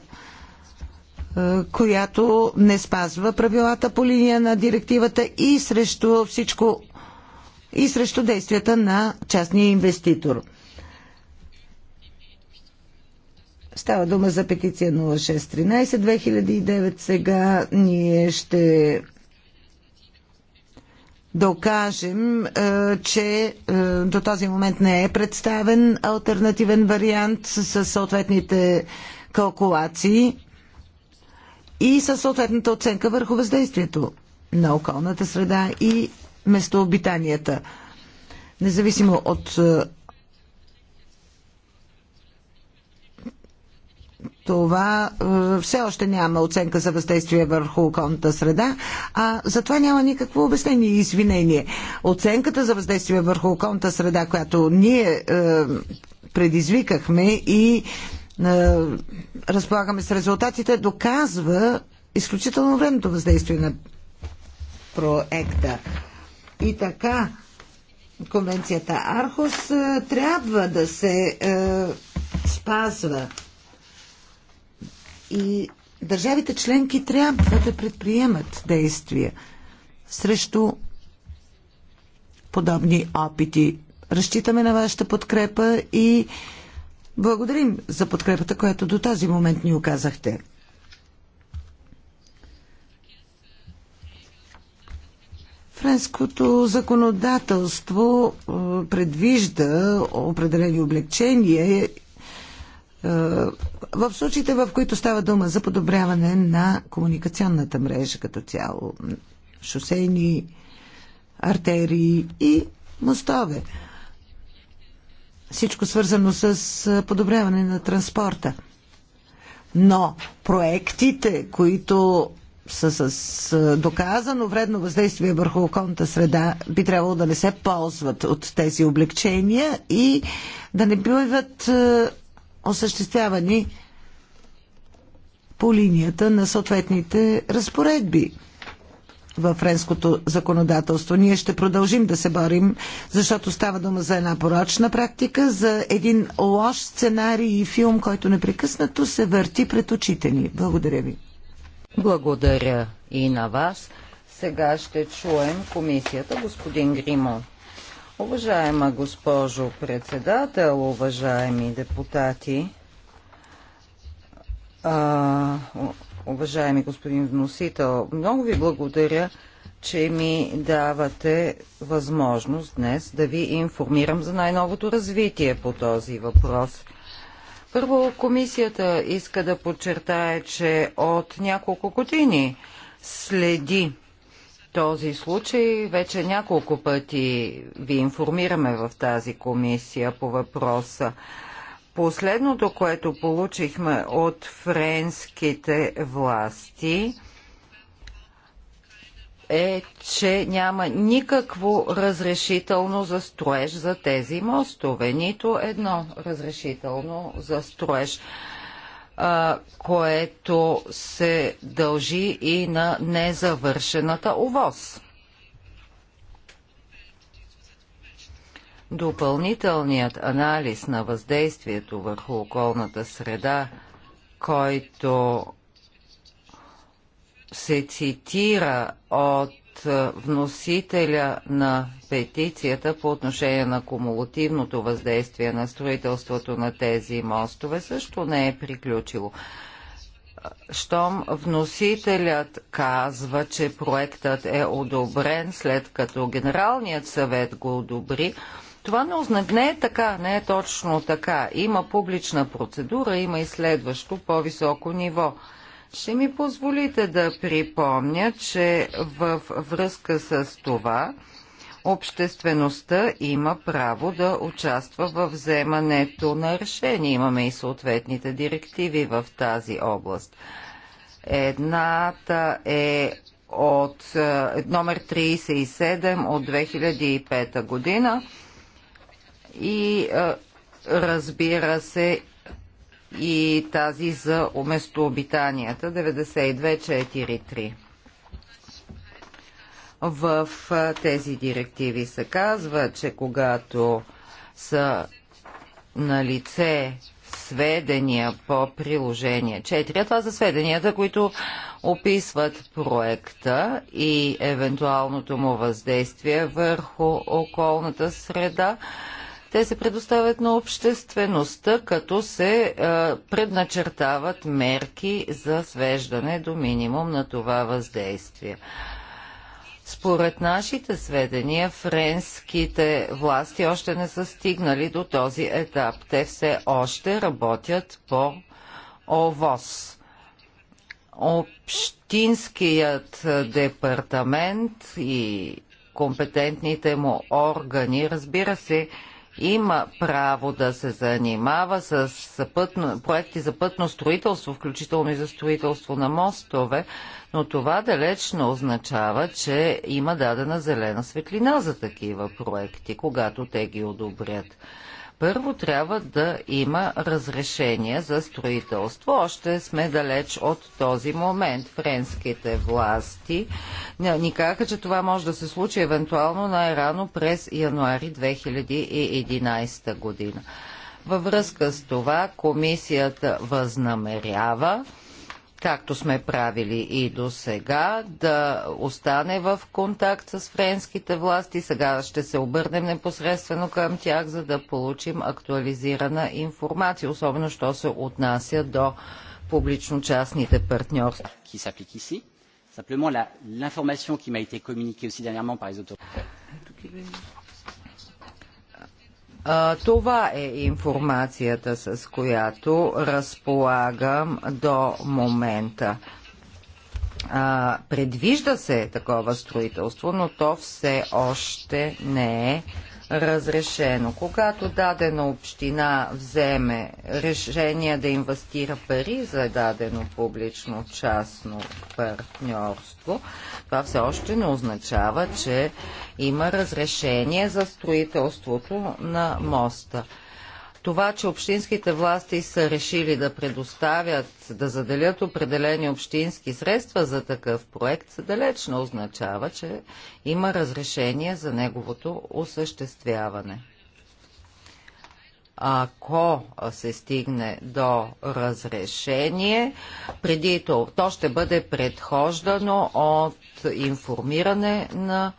Speaker 4: която не спазва правилата по линия на директивата и срещу всичко и срещу действията на частния инвеститор. Става дума за петиция 0613-2009. Сега ние ще докажем, е, че е, до този момент не е представен альтернативен вариант с съответните калкулации и със съответната оценка върху въздействието на околната среда и местообитанията. Независимо от е, това е, все още няма оценка за въздействие върху околната среда, а за това няма никакво обяснение и извинение. Оценката за въздействие върху околната среда, която ние е, предизвикахме и е, разполагаме с резултатите, доказва изключително вредното въздействие на проекта. И така, конвенцията Архос е, трябва да се е, спазва. И държавите членки трябва да предприемат действия срещу подобни опити. Разчитаме на вашата подкрепа и Благодарим за подкрепата, която до този момент ни оказахте. Френското законодателство е, предвижда определени облегчения е, в случаите, в които става дума за подобряване на комуникационната мрежа като цяло, шосейни артерии и мостове всичко свързано с подобряване на транспорта. Но проектите, които са с доказано вредно въздействие върху околната среда, би трябвало да не се ползват от тези облегчения и да не биват осъществявани по линията на съответните разпоредби във френското законодателство. Ние ще продължим да се борим, защото става дума за една порочна практика, за един лош сценарий и филм, който непрекъснато се върти пред очите ни. Благодаря ви.
Speaker 1: Благодаря и на вас. Сега ще чуем комисията, господин Гримо. Уважаема госпожо председател, уважаеми депутати, а, уважаеми господин вносител. Много ви благодаря, че ми давате възможност днес да ви информирам за най-новото развитие по този въпрос. Първо, комисията иска да подчертае, че от няколко години следи този случай. Вече няколко пъти ви информираме в тази комисия по въпроса. Последното, което получихме от френските власти, е, че няма никакво разрешително за строеж за тези мостове. Нито едно разрешително за строеж, което се дължи и на незавършената овоз. Допълнителният анализ на въздействието върху околната среда, който се цитира от вносителя на петицията по отношение на кумулативното въздействие на строителството на тези мостове, също не е приключило. Щом вносителят казва, че проектът е одобрен, след като Генералният съвет го одобри, това не, не е така, не е точно така. Има публична процедура, има и следващо по-високо ниво. Ще ми позволите да припомня, че в връзка с това обществеността има право да участва в вземането на решение. Имаме и съответните директиви в тази област. Едната е от е, номер 37 от 2005 година и разбира се и тази за уместообитанията 9243. В тези директиви се казва, че когато са на лице сведения по приложение 4, а това за сведенията, които описват проекта и евентуалното му въздействие върху околната среда, те се предоставят на обществеността, като се е, предначертават мерки за свеждане до минимум на това въздействие. Според нашите сведения, френските власти още не са стигнали до този етап. Те все още работят по ОВОС. Общинският департамент и компетентните му органи, разбира се, има право да се занимава с пътно, проекти за пътно строителство, включително и за строителство на мостове, но това далечно означава, че има дадена зелена светлина за такива проекти, когато те ги одобрят първо трябва да има разрешение за строителство. Още сме далеч от този момент. Френските власти ни казаха, че това може да се случи евентуално най-рано през януари 2011 година. Във връзка с това комисията възнамерява както сме правили и до сега, да остане в контакт с френските власти. Сега ще се обърнем непосредствено към тях, за да получим актуализирана информация, особено що се отнася до публично-частните партньорства.
Speaker 2: Simplement, l'information qui m'a été communiquée aussi dernièrement par les autorités.
Speaker 1: А, това е информацията, с която разполагам до момента. А, предвижда се такова строителство, но то все още не е разрешено. Когато дадена община вземе решение да инвестира пари за дадено публично-частно партньорство, това все още не означава, че има разрешение за строителството на моста. Това, че общинските власти са решили да предоставят, да заделят определени общински средства за такъв проект, далечно означава, че има разрешение за неговото осъществяване ако се стигне до разрешение, преди то, то ще бъде предхождано от информиране на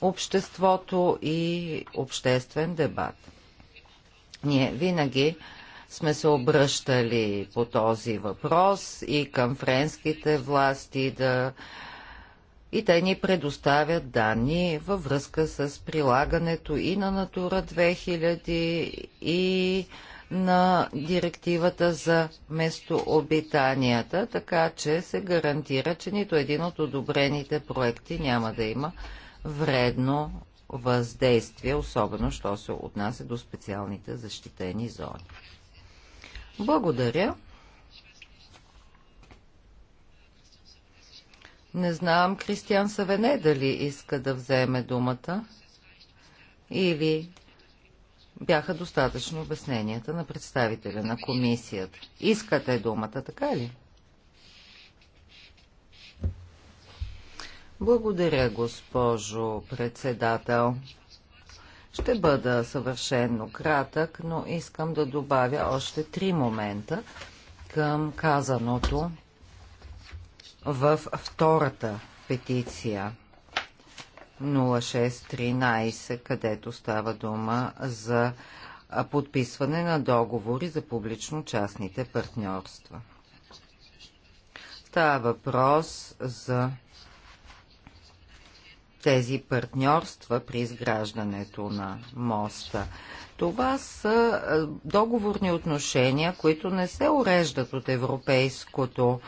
Speaker 1: обществото и обществен дебат. Ние винаги сме се обръщали по този въпрос и към френските власти да и те ни предоставят данни във връзка с прилагането и на Натура 2000 и на директивата за местообитанията, така че се гарантира, че нито един от одобрените проекти няма да има вредно въздействие, особено, що се отнася до специалните защитени зони. Благодаря. Не знам Кристиан Савене дали иска да вземе думата или бяха достатъчно обясненията на представителя на комисията. Искате думата, така ли? Благодаря, госпожо председател. Ще бъда съвършенно кратък, но искам да добавя още три момента към казаното във втората петиция 0613, където става дума за подписване на договори за публично-частните партньорства. Става въпрос за тези партньорства при изграждането на моста. Това са е, договорни отношения, които не се уреждат от европейското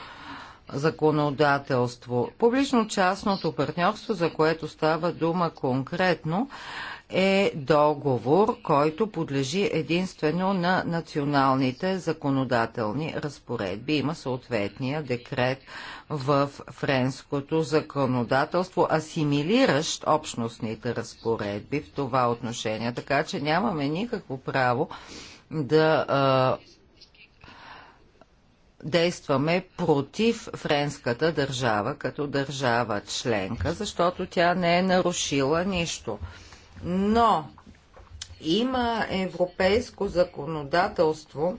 Speaker 1: законодателство. Публично-частното партньорство, за което става дума конкретно, е договор, който подлежи единствено на националните законодателни разпоредби. Има съответния декрет в френското законодателство, асимилиращ общностните разпоредби в това отношение. Така че нямаме никакво право да а, действаме против френската държава като държава членка, защото тя не е нарушила нищо. Но има европейско законодателство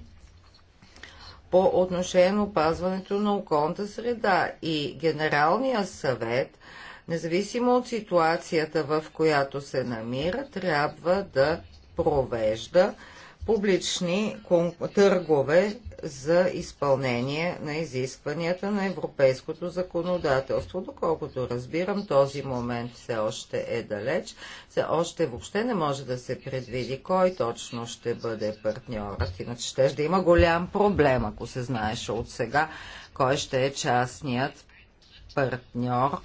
Speaker 1: по отношение на опазването на околната среда и Генералният съвет, независимо от ситуацията, в която се намира, трябва да провежда публични търгове за изпълнение на изискванията на европейското законодателство. Доколкото разбирам, този момент все още е далеч. Все още въобще не може да се предвиди кой точно ще бъде партньорът. Иначе ще да има голям проблем, ако се знаеше от сега кой ще е частният партньор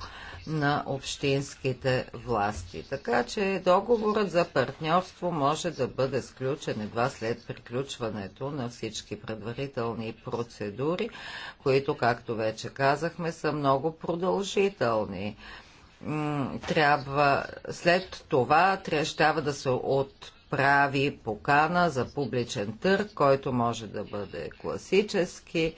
Speaker 1: на общинските власти. Така че договорът за партньорство може да бъде сключен едва след приключването на всички предварителни процедури, които, както вече казахме, са много продължителни трябва след това трябва да се отправи покана за публичен търг, който може да бъде класически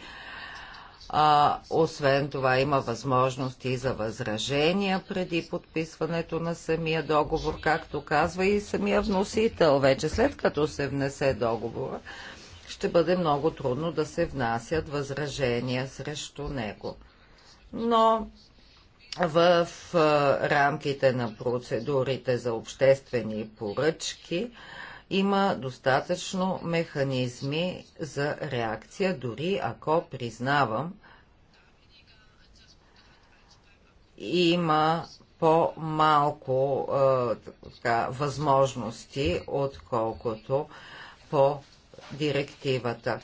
Speaker 1: а, освен това има възможности за възражения преди подписването на самия договор, както казва и самия вносител. Вече след като се внесе договора, ще бъде много трудно да се внасят възражения срещу него. Но в рамките на процедурите за обществени поръчки има достатъчно механизми за реакция, дори ако признавам, има по-малко е, възможности, отколкото по директивата.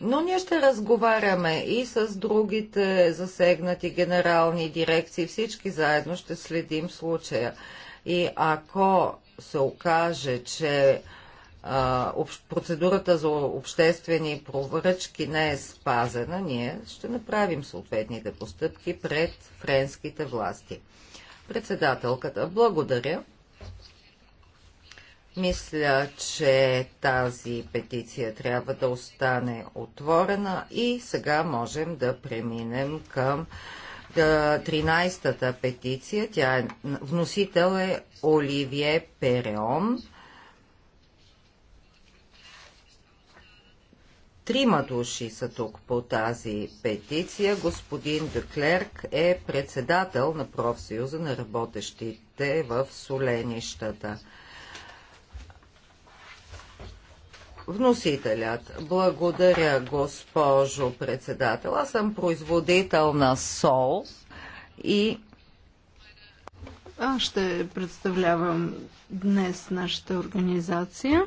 Speaker 1: Но ние ще разговаряме и с другите засегнати генерални дирекции. Всички заедно ще следим случая. И ако се окаже, че процедурата за обществени проръчки не е спазена, ние ще направим съответните постъпки пред френските власти. Председателката, благодаря. Мисля, че тази петиция трябва да остане отворена и сега можем да преминем към 13-та петиция. Тя е, вносител е Оливие Переон трима души са тук по тази петиция. Господин Деклерк е председател на профсъюза на работещите в соленищата. Вносителят. Благодаря, госпожо председател. Аз съм производител на сол и...
Speaker 3: Аз ще представлявам днес нашата организация.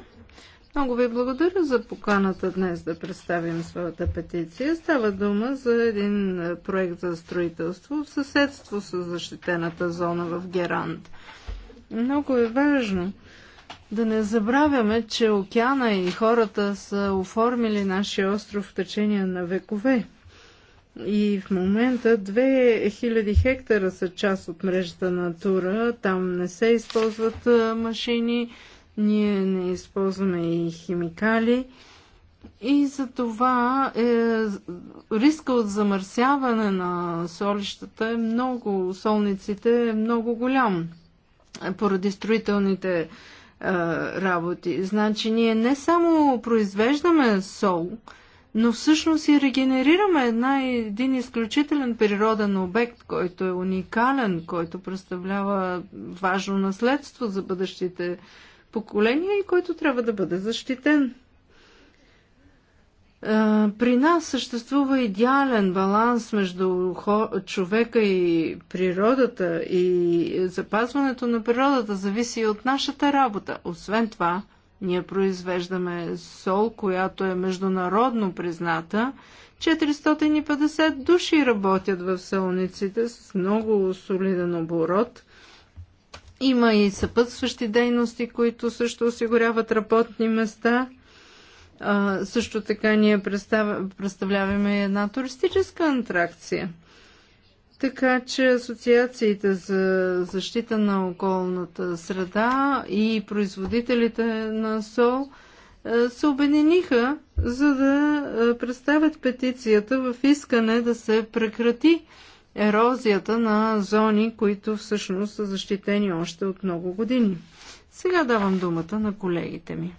Speaker 3: Много ви благодаря за поканата днес да представим своята петиция. Става дума за един е, проект за строителство в съседство с защитената зона в Герант. Много е важно да не забравяме, че океана и хората са оформили нашия остров в течение на векове. И в момента 2000 хектара са част от мрежата Натура. Там не се използват е, машини ние не използваме и химикали. И за това е, риска от замърсяване на солищата е много, солниците е много голям е, поради строителните е, работи. Значи ние не само произвеждаме сол, но всъщност и регенерираме една, един изключителен природен обект, който е уникален, който представлява важно наследство за бъдещите поколение и който трябва да бъде защитен. При нас съществува идеален баланс между човека и природата и запазването на природата зависи от нашата работа. Освен това, ние произвеждаме сол, която е международно призната. 450 души работят в солниците с много солиден оборот. Има и съпътстващи дейности, които също осигуряват работни места. А, също така ние представя, представляваме една туристическа атракция. Така че асоциациите за защита на околната среда и производителите на сол се обединиха, за да представят петицията в искане да се прекрати ерозията на зони, които всъщност са защитени още от много години. Сега давам думата на колегите ми.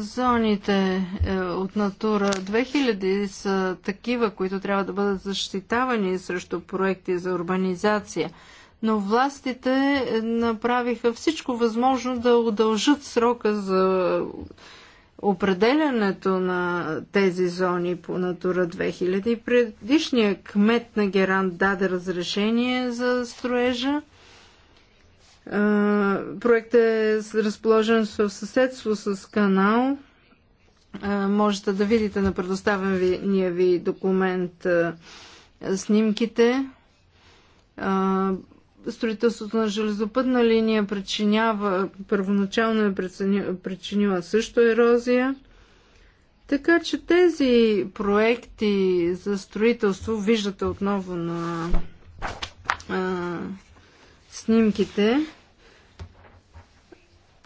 Speaker 3: Зоните е, от Натура 2000 са такива, които трябва да бъдат защитавани срещу проекти за урбанизация. Но властите е, направиха всичко възможно да удължат срока за определянето на тези зони по Натура 2000. Предишният кмет на Герант даде разрешение за строежа. Е, проектът е разположен в съседство с канал. Е, можете да видите на предоставения ви документ е, снимките строителството на железопътна линия причинява, първоначално е причинила също ерозия. Така че тези проекти за строителство, виждате отново на а, снимките,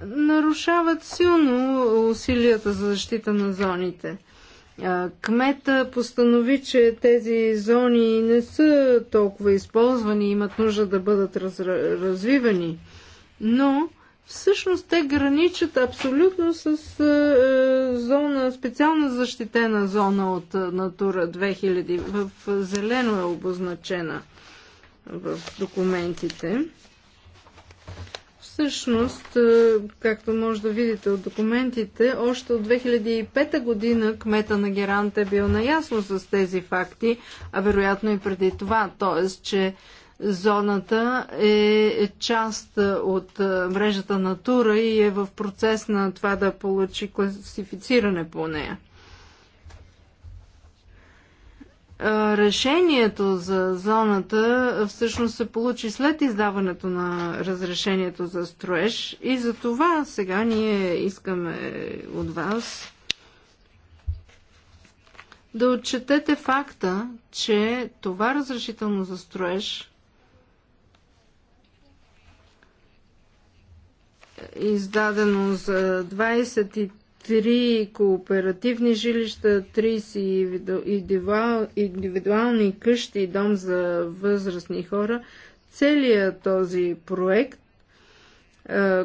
Speaker 3: нарушават силно усилията за защита на зоните. Кмета постанови, че тези зони не са толкова използвани, имат нужда да бъдат раз, развивани, но всъщност те граничат абсолютно с зона, специална защитена зона от Натура 2000. В зелено е обозначена в документите. Всъщност, е, както може да видите от документите, още от 2005 година кмета на Герант е бил наясно с тези факти, а вероятно и преди това, т.е. че зоната е част от е, мрежата Натура и е в процес на това да получи класифициране по нея. решението за зоната всъщност се получи след издаването на разрешението за строеж и за това сега ние искаме от вас да отчетете факта, че това разрешително за строеж е издадено за 23 три кооперативни жилища, 30 индивидуални къщи и дом за възрастни хора. Целият този проект,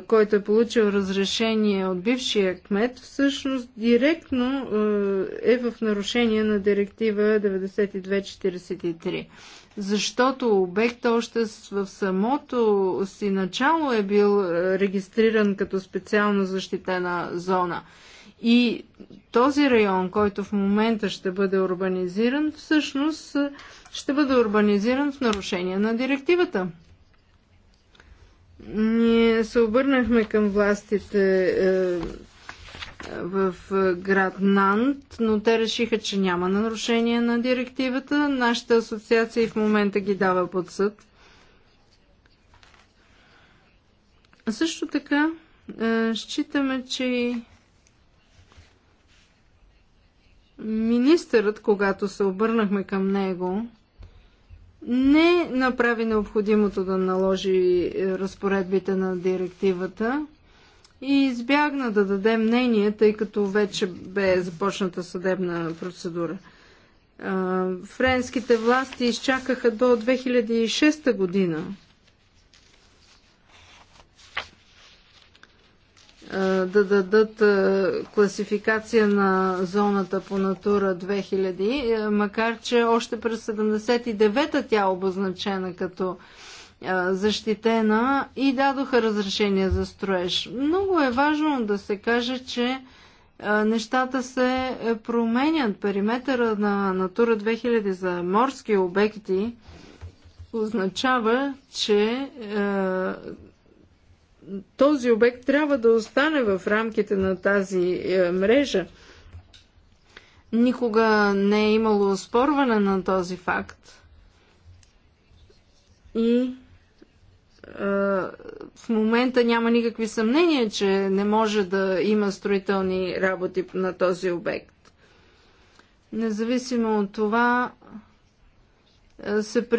Speaker 3: който е получил разрешение от бившия кмет, всъщност директно е в нарушение на директива 9243 защото обект още в самото си начало е бил е, регистриран като специално защитена зона. И този район, който в момента ще бъде урбанизиран, всъщност е, ще бъде урбанизиран в нарушение на директивата. Ние се обърнахме към властите е, в град Нант, но те решиха, че няма нарушение на директивата. Нашата асоциация в момента ги дава под съд. Също така, считаме, че министърът, когато се обърнахме към него, не направи необходимото да наложи е, разпоредбите на директивата – и избягна да даде мнение, тъй като вече бе започната съдебна процедура. Френските власти изчакаха до 2006 година да дадат класификация на зоната по Натура 2000, макар че още през 79-та тя е обозначена като защитена и дадоха разрешение за строеж. Много е важно да се каже, че нещата се е, променят. Периметъра на Натура 2000 за морски обекти означава, че е, този обект трябва да остане в рамките на тази е, мрежа. Никога не е имало спорване на този факт. И е, в момента няма никакви съмнения, че не може да има строителни работи на този обект. Независимо от това, е, се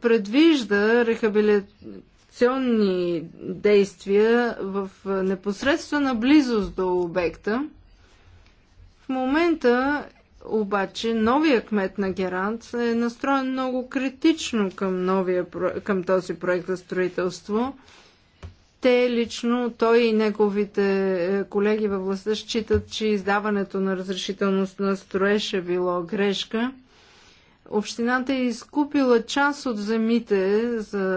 Speaker 3: предвижда рехабилитационни действия в е, непосредствена близост до обекта. В момента обаче новия кмет на Герант е настроен много критично към, новия, към този проект за строителство. Те лично, той и неговите е, колеги във властта считат, че издаването на разрешителност на строеж е било грешка. Общината е изкупила част от земите, за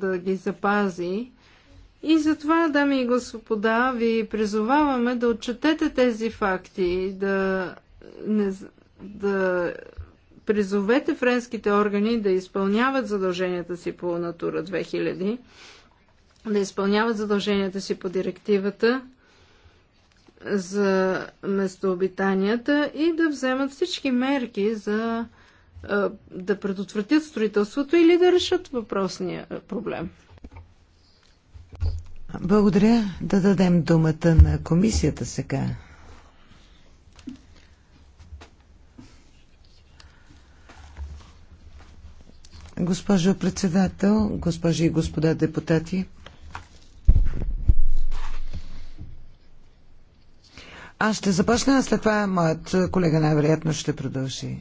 Speaker 3: да ги запази. И затова, дами и господа, ви призоваваме да отчетете тези факти, да не, да призовете френските органи да изпълняват задълженията си по Натура 2000, да изпълняват задълженията си по директивата за местообитанията и да вземат всички мерки за да предотвратят строителството или да решат въпросния проблем.
Speaker 4: Благодаря да дадем думата на комисията сега. Госпожо председател, госпожи и господа депутати, аз ще започна, а след това моят колега най-вероятно ще продължи.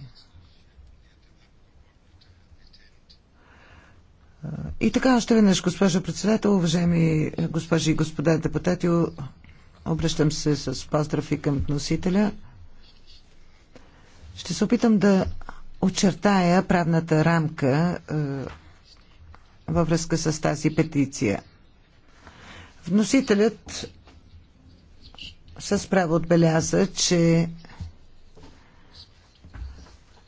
Speaker 4: И така, още веднъж, госпожо председател, уважаеми госпожи и господа депутати, обръщам се с поздрав и към носителя. Ще се опитам да очертая правната рамка е, във връзка с тази петиция. Вносителят с право отбеляза, че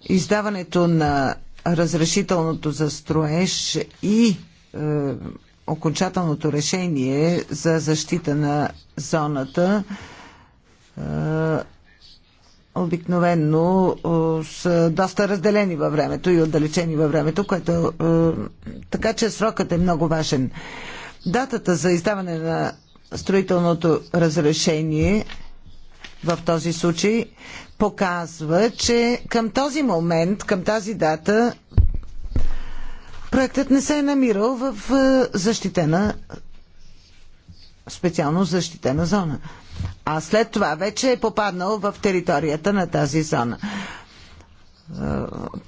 Speaker 4: издаването на разрешителното за строеж и е, окончателното решение за защита на зоната е, обикновенно е, са доста разделени във времето и отдалечени във времето, което е, така че срокът е много важен. Датата за издаване на строителното разрешение в този случай показва, че към този момент, към тази дата, проектът не се е намирал в е, защитена, специално защитена зона а след това вече е попаднал в територията на тази зона е,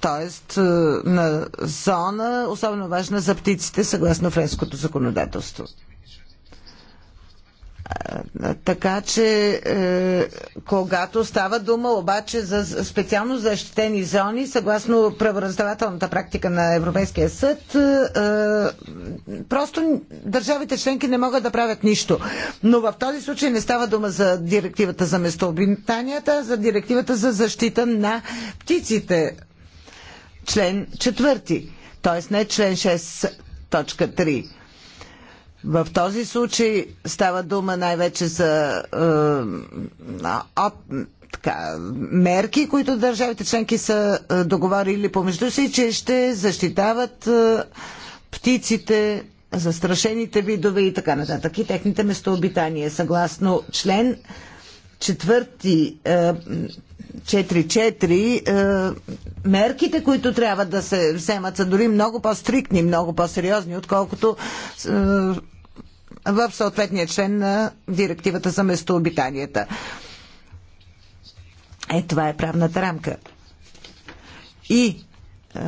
Speaker 4: Тоест е, на зона, особено важна за птиците, съгласно френското законодателство. Така че, е, когато става дума обаче за специално защитени зони, съгласно правораздавателната практика на Европейския съд, е, просто държавите членки не могат да правят нищо. Но в този случай не става дума за директивата за местообитанията, а за директивата за защита на птиците. Член четвърти, т.е. не член 6.3. В този случай става дума най-вече за е, от, така, мерки, които държавите членки са е, договорили помежду си, че ще защитават е, птиците, застрашените видове и така нататък и техните местообитания. Съгласно член четвърти, 4 е, е, мерките, които трябва да се вземат, са дори много по-стрикни, много по-сериозни, отколкото в съответния член на директивата за местообитанията. Е, това е правната рамка. И е,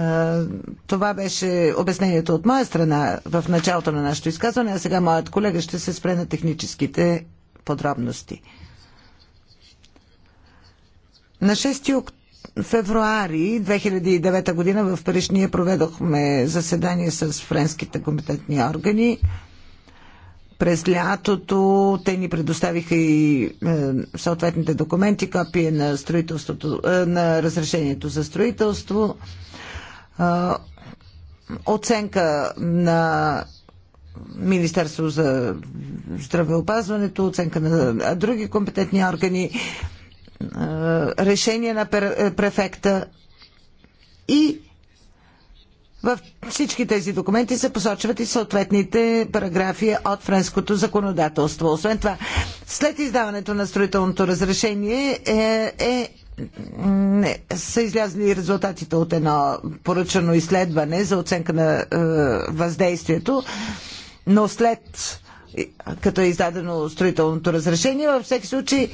Speaker 4: това беше обяснението от моя страна в началото на нашето изказване, а сега моят колега ще се спре на техническите подробности. На 6 февруари 2009 година в Париж ние проведохме заседание с френските компетентни органи през лятото те ни предоставиха и е, съответните документи, копие на, строителството, е, на разрешението за строителство, е, оценка на Министерство за здравеопазването, оценка на други компетентни органи, е, решение на префекта и в всички тези документи се посочват и съответните параграфи от френското законодателство. Освен това, след издаването на строителното разрешение е, е не, са излязли резултатите от едно поръчано изследване за оценка на е, въздействието, но след като е издадено строителното разрешение. Във всеки случай,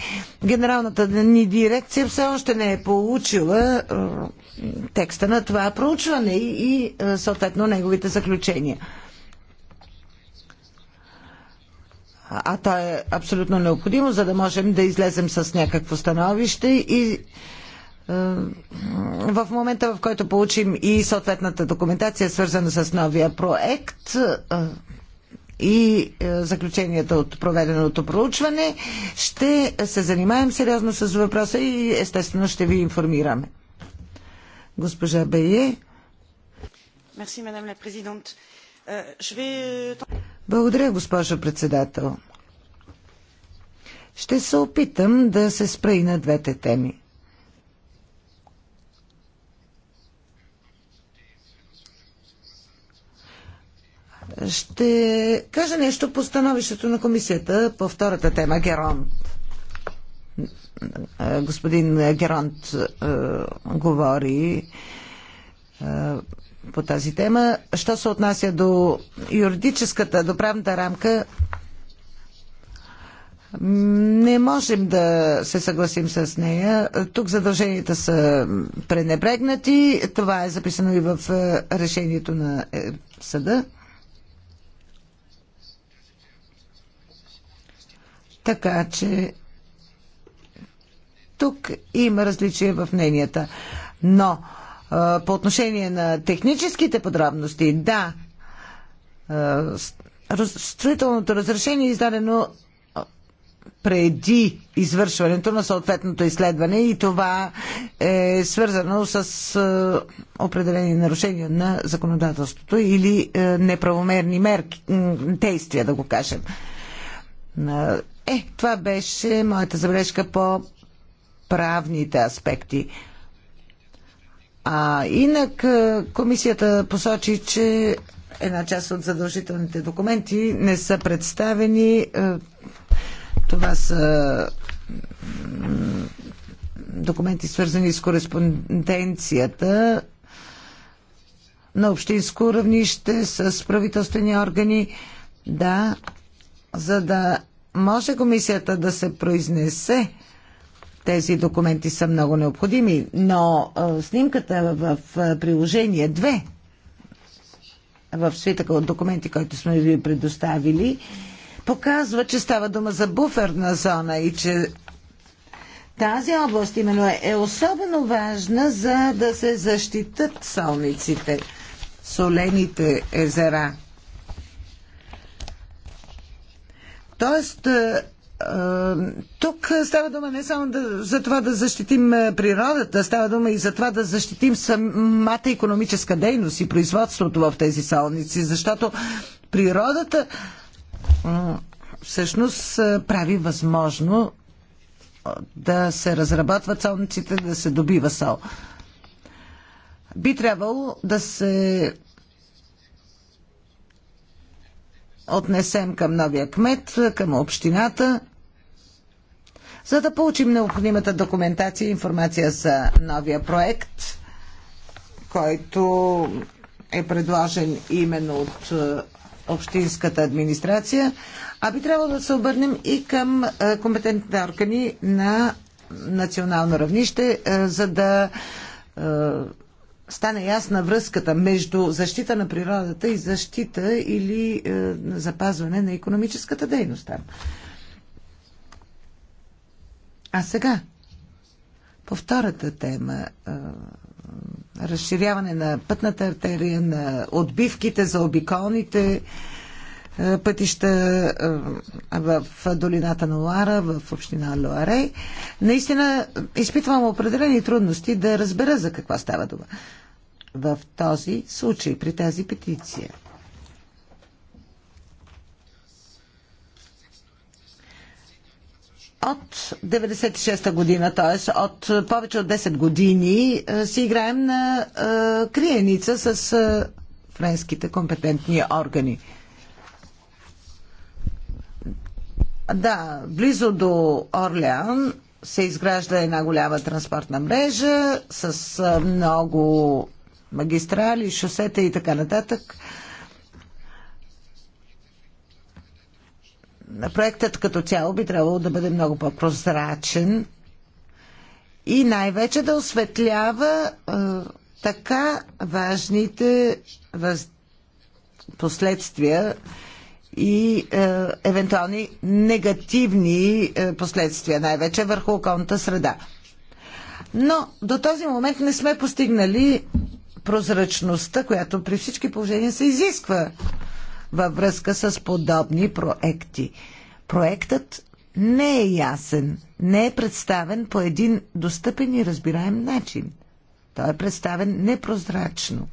Speaker 4: генералната ни дирекция все още не е получила е, текста на това проучване и е, съответно неговите заключения. А то е абсолютно необходимо, за да можем да излезем с някакво становище и е, в момента, в който получим и съответната документация, свързана с новия проект, и е, заключенията от проведеното проучване. Ще се занимаем сериозно с въпроса и естествено ще ви информираме. Госпожа Бее. Euh,
Speaker 1: euh,
Speaker 4: Благодаря, госпожо председател. Ще се опитам да се спра и на двете теми. Ще кажа нещо по становището на комисията по втората тема Геронт. Господин Геронт е, говори е, по тази тема. Що се отнася до юридическата, до правната рамка, не можем да се съгласим с нея. Тук задълженията са пренебрегнати. Това е записано и в е, решението на е, съда. Така че тук има различия в мненията. Но по отношение на техническите подробности, да, строителното разрешение е издадено преди извършването на съответното изследване и това е свързано с определени нарушения на законодателството или неправомерни мерки, действия, да го кажем. Е, това беше моята забележка по правните аспекти. А инак комисията посочи, че една част от задължителните документи не са представени. Това са документи свързани с кореспонденцията на общинско равнище с правителствени органи. Да, за да може комисията да се произнесе. Тези документи са много необходими, но снимката в приложение 2 в свитъка от документи, който сме ви предоставили, показва, че става дума за буферна зона и че тази област именно е, е особено важна за да се защитат солниците, солените езера Тоест, тук става дума не само да, за това да защитим природата, става дума и за това да защитим самата економическа дейност и производството в тези салници, защото природата всъщност прави възможно да се разработват салниците, да се добива сал. Би трябвало да се отнесем към новия кмет, към общината, за да получим необходимата документация и информация за новия проект, който е предложен именно от е, общинската администрация, а би трябвало да се обърнем и към е, компетентните органи на национално равнище, е, за да стане ясна връзката между защита на природата и защита или е, запазване на економическата дейност там. А сега, по втората тема, е, разширяване на пътната артерия, на отбивките за обиколните е, пътища е, в долината на Луара, в община Луарей, Наистина изпитвам определени трудности да разбера за каква става дума в този случай, при тази петиция. От 96-та година, т.е. от повече от 10 години, е, си играем на е, криеница с е, френските компетентни органи. Да, близо до Орлеан се изгражда една голяма транспортна мрежа с много магистрали, шосета и така нататък. Проектът като цяло би трябвало да бъде много по-прозрачен и най-вече да осветлява е, така важните въз... последствия и е, евентуални негативни е, последствия, най-вече върху околната среда. Но до този момент не сме постигнали прозрачността, която при всички положения се изисква във връзка с подобни проекти. Проектът не е ясен, не е представен по един достъпен и разбираем начин. Той е представен непрозрачно.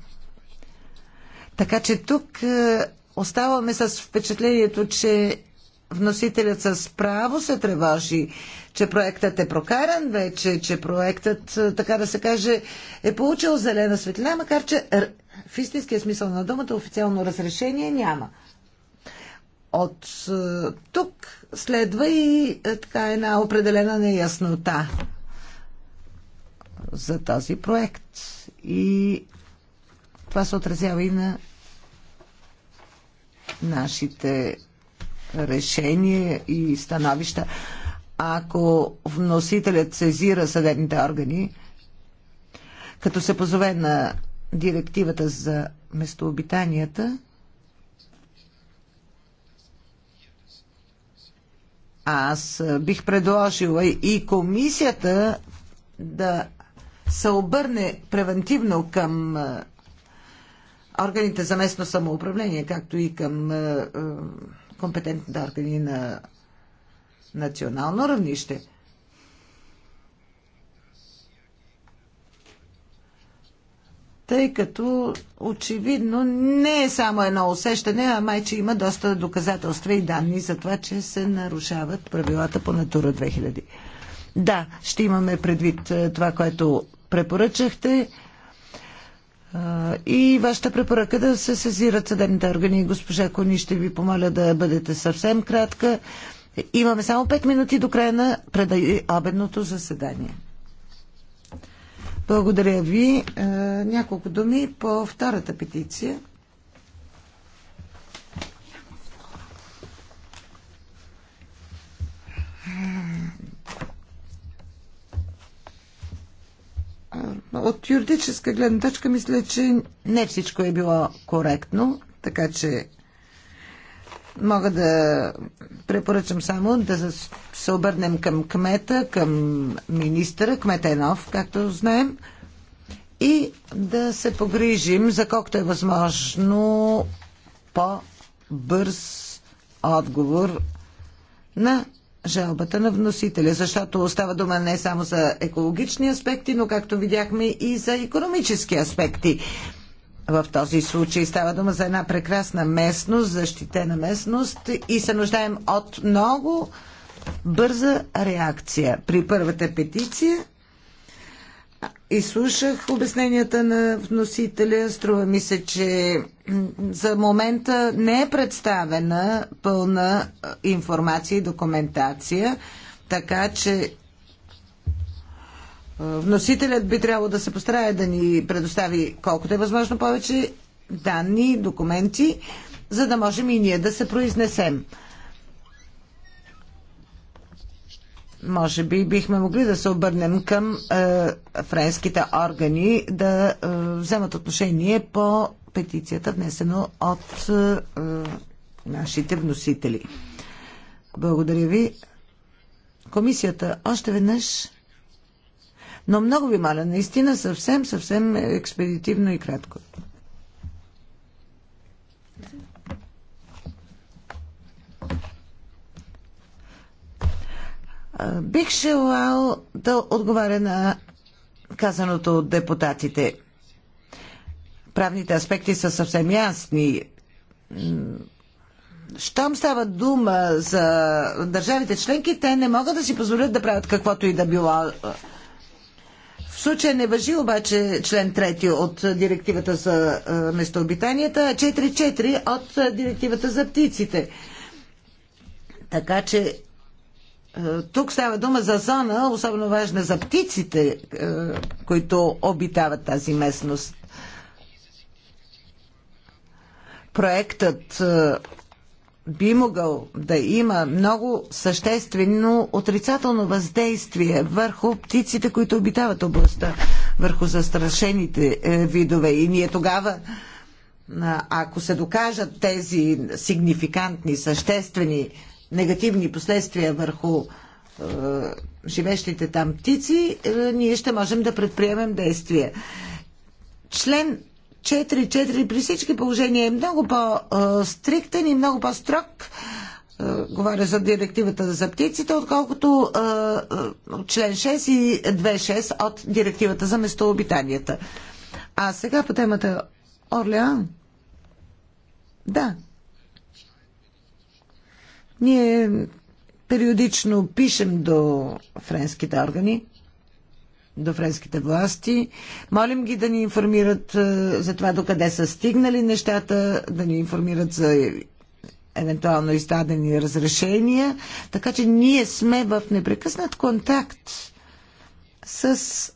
Speaker 4: Така че тук е, оставаме с впечатлението, че вносителят с право се тревожи че проектът е прокаран вече, че проектът, е, така да се каже, е получил зелена светлина, макар че в истинския смисъл на думата официално разрешение няма. От е, тук следва и е, така една определена неяснота за този проект. И това се отразява и на нашите решения и становища ако вносителят сезира съдебните органи, като се позове на директивата за местообитанията, аз бих предложила и комисията да се обърне превентивно към органите за местно самоуправление, както и към компетентните органи на национално равнище. Тъй като очевидно не е само едно усещане, а май, че има доста доказателства и данни за това, че се нарушават правилата по Натура 2000. Да, ще имаме предвид е, това, което препоръчахте е, и вашата препоръка да се сезират съдебните органи. Госпожа Кони, ще ви помоля да бъдете съвсем кратка. Имаме само 5 минути до края на предобедното заседание. Благодаря ви. Е, няколко думи по втората петиция. От юридическа гледна точка мисля, че не всичко е било коректно, така че мога да препоръчам само да се обърнем към кмета, към министъра. Кмета е нов, както знаем. И да се погрижим за колкото е възможно по-бърз отговор на жалбата на вносителя, защото остава дума не само за екологични аспекти, но както видяхме и за економически аспекти. В този случай става дума за една прекрасна местност, защитена местност и се нуждаем от много бърза реакция. При първата петиция изслушах обясненията на вносителя. Струва ми се, че за момента не е представена пълна информация и документация, така че Вносителят би трябвало да се постарае да ни предостави колкото е възможно повече данни, документи, за да можем и ние да се произнесем. Може би бихме могли да се обърнем към е, френските органи да е, вземат отношение по петицията, внесено от е, е нашите вносители. Благодаря ви. Комисията още веднъж но много ви моля, наистина съвсем, съвсем експедитивно и кратко. Бих желал да отговаря на казаното от депутатите. Правните аспекти са съвсем ясни. Щом става дума за държавите членки, те не могат да си позволят да правят каквото и да било в случая не въжи обаче член 3 от директивата за местообитанията, а 4.4 от директивата за птиците. Така че тук става дума за зона, особено важна за птиците, които обитават тази местност. Проектът би могъл да има много съществено отрицателно въздействие върху птиците, които обитават областта, върху застрашените е, видове. И ние тогава, ако се докажат тези сигнификантни, съществени негативни последствия върху е, живещите там птици, е, ние ще можем да предприемем действия. Член 4-4 при всички положения е много по-стриктен и много по-строг. Е, говоря за директивата за птиците, отколкото е, е, член 6 и 2.6 от директивата за местообитанията. А сега по темата Орлеан. Да. Ние периодично пишем до френските органи до френските власти. Молим ги да ни информират е, за това докъде са стигнали нещата, да ни информират за евентуално издадени разрешения. Така че ние сме в непрекъснат контакт с